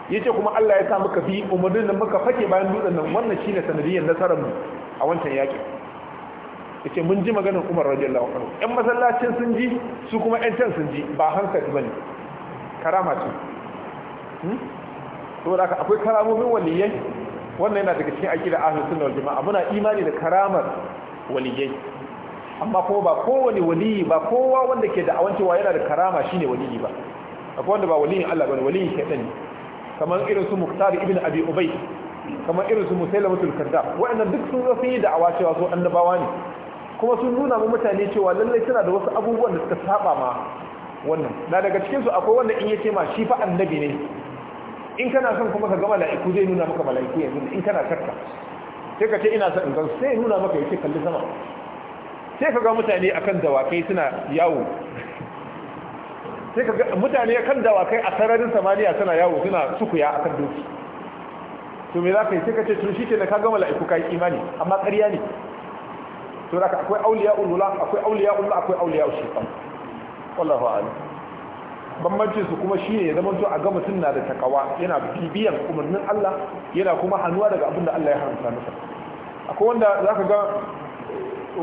[SPEAKER 1] ya ce kuma Allah ya sa muka bi umarnin nan muka fake bayan dutsen nan wannan shine sanadiyar nasarar mu a wancan yaƙin yace mun ji maganar Umar rajin lawan ƴan masallacin sun ji su kuma yan can sun ji ba hankali bane karama ce hmm? saboda aka akwai karamomin waliyai wannan yana daga cikin da ahlus sunna wal jamaa muna imani da karamar waliyai amma kuma ba kowane waliyi ba kowa wanda ke da cewa yana da karama shine waliyi ba akwai wanda ba waliyin Allah bane waliyin shaytan ne kamar irin su Muktar ibn Abi Ubay kamar irin su Musailamatul Kadda wa'annan duk sun zo sun yi da'awa cewa su annabawa ne kuma sun nuna mu mutane cewa lallai suna da wasu abubuwan da suka saba ma wannan na daga cikin su akwai wanda in yace ma shi fa annabi ne in kana son kuma ka ga mala'iku zai nuna maka mala'iku yanzu in kana karka sai ka ce ina son in ga sai nuna maka yake kalli sama sai ka ga mutane akan dawakai suna yawo sai ka ga mutane kan dawakai a sararin samaniya suna yawo suna sukuya akan doki to me za ka yi sai ka ce tun shi ke da ka ga mala'iku kai imani amma ƙarya ne to da akwai auliya ulula akwai auliya ulula akwai auliya shaitan wallahu a'lam bambancin su kuma shine ya zama to a ga mutun na da takawa yana bibiyan umarnin Allah yana kuma hannuwa daga abin da Allah ya haramta masa akwai wanda zaka ga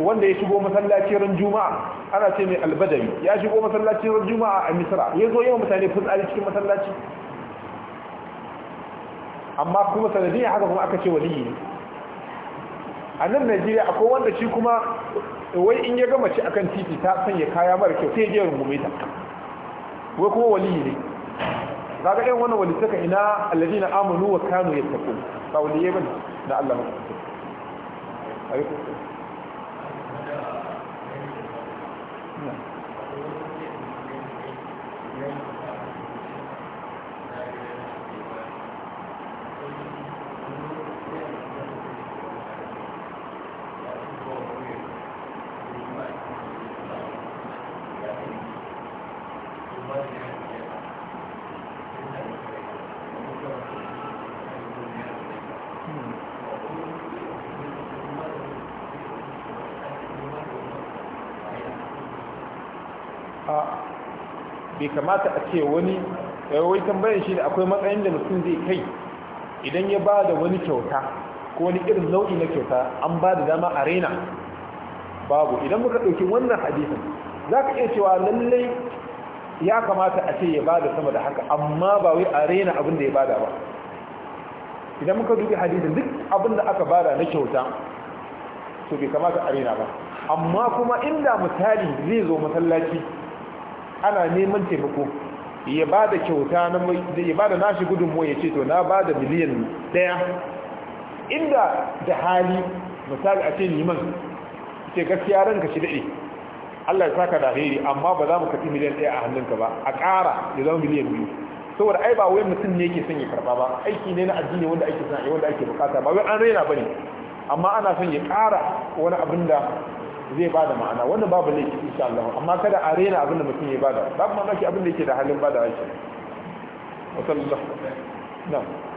[SPEAKER 1] wanda ya shigo masallacin ran juma'a ana ce mai albadari ya shigo masallacin ran juma'a a misra ya zo yawan mutane fitsari cikin masallaci amma kuma sanadiyar haka kuma aka ce waliyi ne a nan najeriya akwai wanda shi kuma wai in ya gama ci akan titi ta sanya kaya mara kyau sai ya rungume ta wai kuma waliyi ne kaga ɗan wannan wali saka ina allazi na amanu wa Kano ya tafi ba wani ya da na allah mafi bai kamata a ce wani eh, wai tambayar shi ne akwai matsayin da mutum zai kai idan ya ba da wani kyauta ko wani irin nau'i na kyauta an ba da dama a raina babu idan muka ɗauki wannan hadisin za ka iya cewa lallai ya kamata a ce ya ba da sama da haka amma ba wai a raina abin da ya bada ba idan muka dubi hadisin duk abin da aka bada na kyauta to bai kamata a raina ba amma kuma inda misali zai zo masallaci ana neman taimako ya ba da kyauta ya ba da nashi ya ce to na ba da miliyan daya inda da hali misali a ce neman ce gaskiya ran ka shi daɗe Allah ya saka da heri amma ba za mu kafi miliyan ɗaya a hannunka ba a ƙara ya zama miliyan biyu saboda ai ba wai mutum ne yake son ya karɓa ba aiki ne na addini wanda ake son wanda ake bukata ba wai an raina ba ne amma ana son ya ƙara wani abin da zai ba da ma'ana wannan babu ke insha Allah amma kada a rena abin da mutum ya bada babu mamaki abin da yake da halin bada shi wa sallallahu alaihi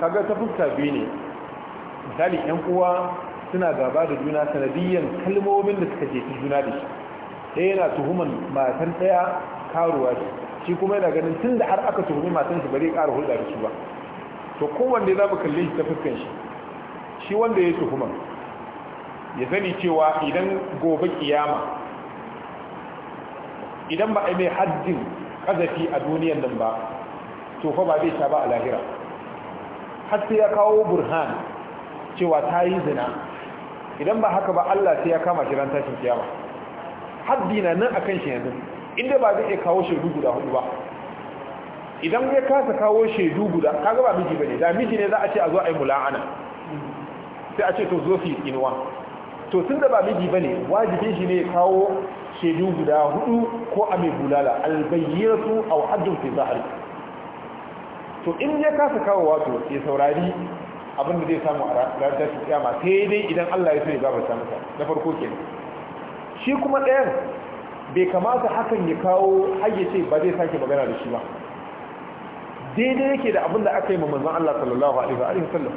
[SPEAKER 1] kaga ta fuska biyu ne misali yan uwa suna gaba da juna sanadiyyan kalmomin da suka jefi juna da shi ɗaya yana tuhuman matan ɗaya karuwa shi, shi kuma yana ganin tun da har aka tuhumi matan shi bari ƙara hulɗa da shi ba to kowanne za mu kalle shi ta fuskan shi shi wanda ya yi tuhuman ya sani cewa idan gobe kiyama idan ba a mai haddin ƙazafi a duniyan nan ba to fa ba zai sha ba a lahira har sai ya kawo burhan cewa ta yi zina idan ba haka ba Allah sai ya kama shi ran tashin kiyama haddi na nan akan shi yanzu inda ba zai iya kawo shaidu guda hudu ba idan ya kasa kawo shaidu guda ka ba miji ba ne da miji ne za a ce a zo a yi mula'ana sai a ce to zo fi yi inuwa to tun da ba miji ba ne wajibin shi ne ya kawo shaidu guda hudu ko a mai bulala albayyarsu a haddun fi zahari to in ya kasa kawo wato ya saurari abin da zai samu a ranar tashin kiyama sai dai idan Allah ya so ya gabata masa na farko ke shi kuma ɗayan bai kamata hakan ya kawo hayyace ba zai sake magana da shi ba daidai yake da abin da aka yi ma Allah sallallahu alaihi wa sallam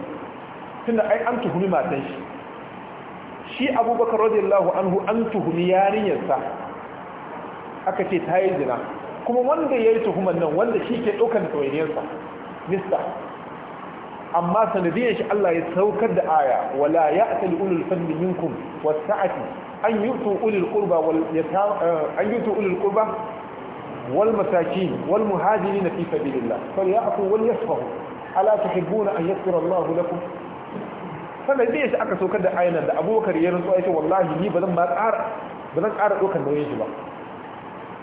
[SPEAKER 1] tunda ai an tuhumi matan shi shi abubakar radiyallahu anhu an tuhumi yarinyarsa aka ce ta yi zina kuma wanda ya yi tuhumar nan wanda shi ke ɗaukar tsawainiyarsa mista amma sanadiyar shi Allah ya saukar da aya wala ya ya'tal ulul fadli minkum wasa'ati an yi yutu ulul kurba wal an yutu ulul qurba wal masakin wal muhajirin fi sabilillah falyafu wal yasfahu ala buna an yaghfira Allah lakum sanadiyar shi aka saukar da aya ayan da Abubakar ya rantsa yace wallahi ni ba ma ƙara bazan ƙara dokar nauyin shi ba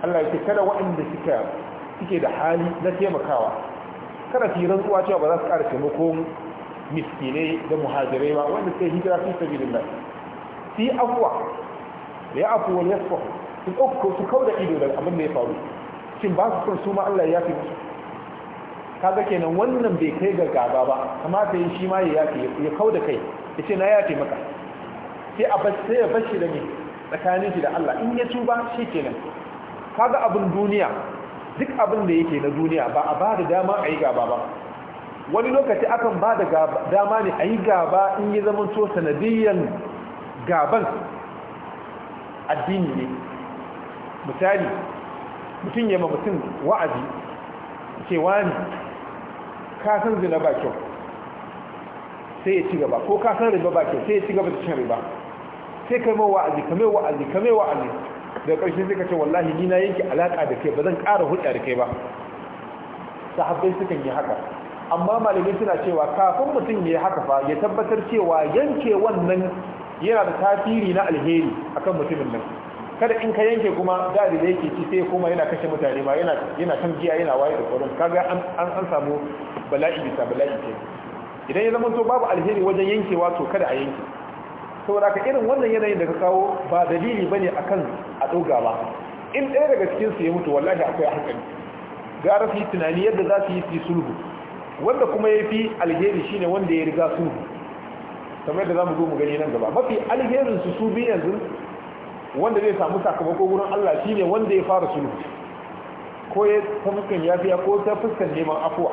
[SPEAKER 1] Allah ya ce kada waɗanda suka suke da hali na taimakawa kada su yi rantsuwa cewa ba za su ƙara taimakon miskinai da muhajirai ba wanda suka yi hijira fi sabilillah su yi afuwa da ya afuwa ya su su ko su kauda ido da abin da ya faru shin ba su son su ma Allah ya fi musu kaga kenan wannan bai kai ga gaba ba kamata yin shi ma ya yafi ya kauda kai ya ce na yafi maka sai a sai ya bashi da ni tsakanin shi da Allah in ya tuba shi kenan kaga abin duniya duk abin da yake na duniya ba a ba da dama a yi gaba ba wani lokaci akan ba da dama ne a yi gaba in yi zamanto sanadiyyan gaban addini ne misali mutum yamma mutum wa'azi cewa ne kasan zina ba kyau sai ya ci gaba ko kasan riba ba kyau sai ya ci gaba da cin riba sai kai mai wa'azi kame wa'azi kame wa'azi da ƙarshe suka ce wallahi ni na yanke alaka da kai ba zan ƙara hulɗa da kai ba sahabbai sukan yi haka amma malamai suna cewa kafin mutum ya haka fa ya tabbatar cewa yanke wannan yana da tasiri na alheri akan mutumin nan kada in ka yanke kuma da da yake ci sai kuma yana kashe mutane ma yana yana san giya yana waye da koron kaga an an samu bala'i bisa bala'i ke idan ya zama to babu alheri wajen yankewa to kada a yanke saboda ka irin wannan yanayin da ka kawo ba dalili ba ne a kan doga ba in ɗaya daga cikinsu ya mutu wallahi akwai hankali gara su yi tunani yadda za su yi fi sulhu wanda kuma ya fi alheri shine wanda ya riga sulhu kamar yadda za mu zo mu gani nan gaba mafi alherin su su bi yanzu wanda zai samu sakamako wurin Allah shine wanda ya fara sulhu ko ya ta fuskan yafiya ko ta fuskan neman afuwa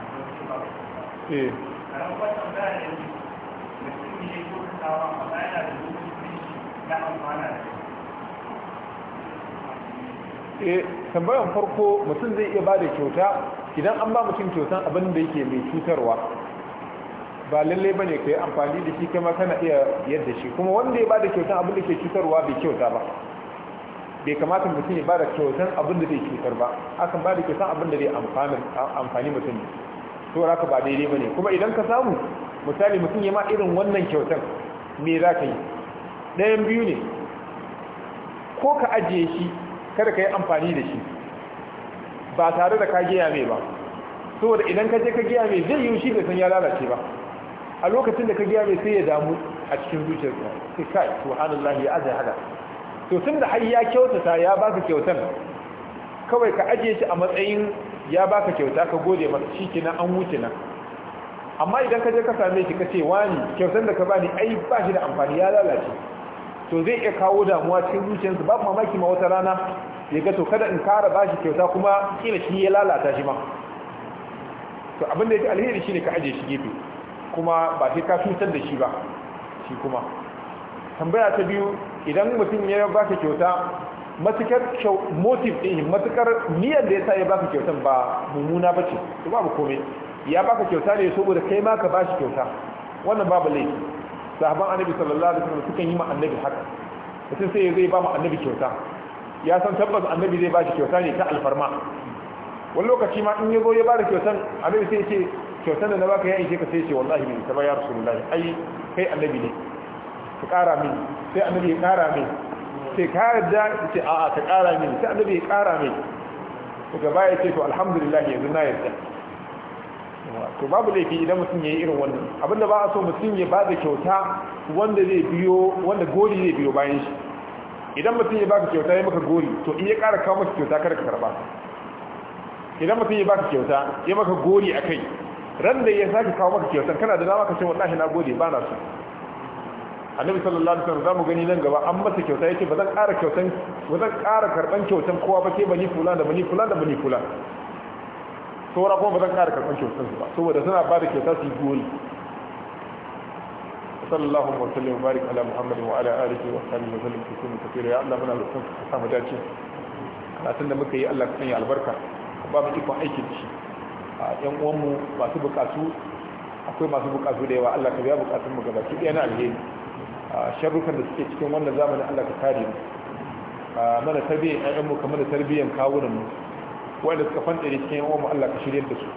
[SPEAKER 1] e tambayan farko mutum zai iya ba da kyauta idan an ba mutum kyautan abin da yake mai cutarwa ba lalle ba ne ka yi amfani da shi kama kana iya yadda shi kuma wanda ya ba da kyautan abin da ke cutarwa bai kyauta ba bai kamata mutum ya ba da kyautan abin da zai cutar ba akan ba da kyautan abin da zai amfani mutum ne to ka ba daidai bane kuma idan ka samu misali mutum ya ma irin wannan kyautan me za ka yi ɗayan biyu ne ko ka ajiye shi kada ka yi amfani da shi ba tare da ka giya mai ba saboda idan ka je ka giya mai zai yi shi da san ya lalace ba a lokacin da ka giya mai sai ya damu a cikin zuciyarsa sai kai subhanallah ya azai hada to tun da har ya kyautata ya ka kyautan, kawai ka ajiye shi a matsayin ya baka kyauta ka gode masa shi kenan an wuce nan amma idan ka je ka same shi ka ce wani kyautar da ka bani ai ba shi da amfani ya lalace to zai iya kawo damuwa cikin zuciyarsa babu mamaki ma wata rana ya ga to kada in kara bashi kyauta kuma kila shi ya lalata shi ma to abin da yake alheri shine ka aje shi gefe kuma ba sai ka cutar da shi ba shi kuma tambaya ta biyu idan mutum ya ba ka kyauta matukar kyau motif din matukar niyyar da yasa ya baka kyautan ba mummuna bace to babu komai ya baka kyauta ne saboda kai ma ka bashi kyauta wannan babu laifi sahaban annabi sallallahu alaihi wasallam sukan yi ma annabi haka mutum sai zai ba mu annabi kyauta ya san tabbas annabi zai bashi kyauta ne ta alfarma wani lokaci ma in ya zo ya bada kyautan annabi sai ce kyautan da na baka ya ishe ka sai ce wallahi bin ta ba ya rasulullahi ai kai annabi ne ka kara min sai annabi ya kara min ce ka yarda ce a'a ta kara mini sai annabi ya kara mini daga baya ce to alhamdulillah yanzu na yarda to babu laifi idan mutum ya yi irin wannan abinda ba a so mutum ya bada kyauta wanda zai biyo wanda gori zai biyo bayan shi idan mutum ya baka kyauta ya maka gori to in ya kara kawo maka kyauta kada ka karba idan mutum ya baka kyauta ya maka gori akai ran da ya sake kawo maka kyautar kana da dama ka ce wallahi na gode ba na so annabi sallallahu alaihi wasallam zamu gani nan gaba an masa kyauta yace ba zan ƙara kyautan ba zan ƙara karban kyautan kowa ba sai bani fulan da bani fulan da bani fulan saura kuma ba zan ƙara karban kyautan su ba saboda suna ba da kyauta su yi gori صلى ala وسلم وبارك على محمد وعلى اله وصحبه وسلم تسليما كثيرا يا الله muna roƙon ka samu dace karatun da muka yi Allah ka sanya albarka ka ba mu ikon aikin shi a yan uwan masu bukatu akwai masu bukatu da yawa Allah ka biya bukatun mu gaba ki na alheri sharrukan da suke cikin wannan zamanin Allah ka kare mu mana tarbiyyar ƴaƴan mu kamar da tarbiyyar kawunan mu wanda suka fantsare cikin ƴan Allah ka shirye da su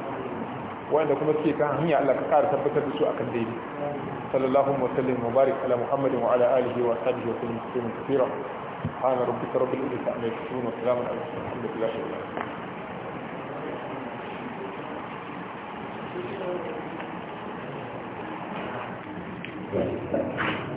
[SPEAKER 1] wanda kuma suke kan hanya Allah ka kara tabbatar da su akan daidai sallallahu alaihi wa sallam wa barik ala muhammadin wa ala alihi wa sahbihi wa sallam kathira سبحان ربك رب العزة عما يصفون وسلام على المرسلين الحمد لله رب
[SPEAKER 2] العالمين Thank you.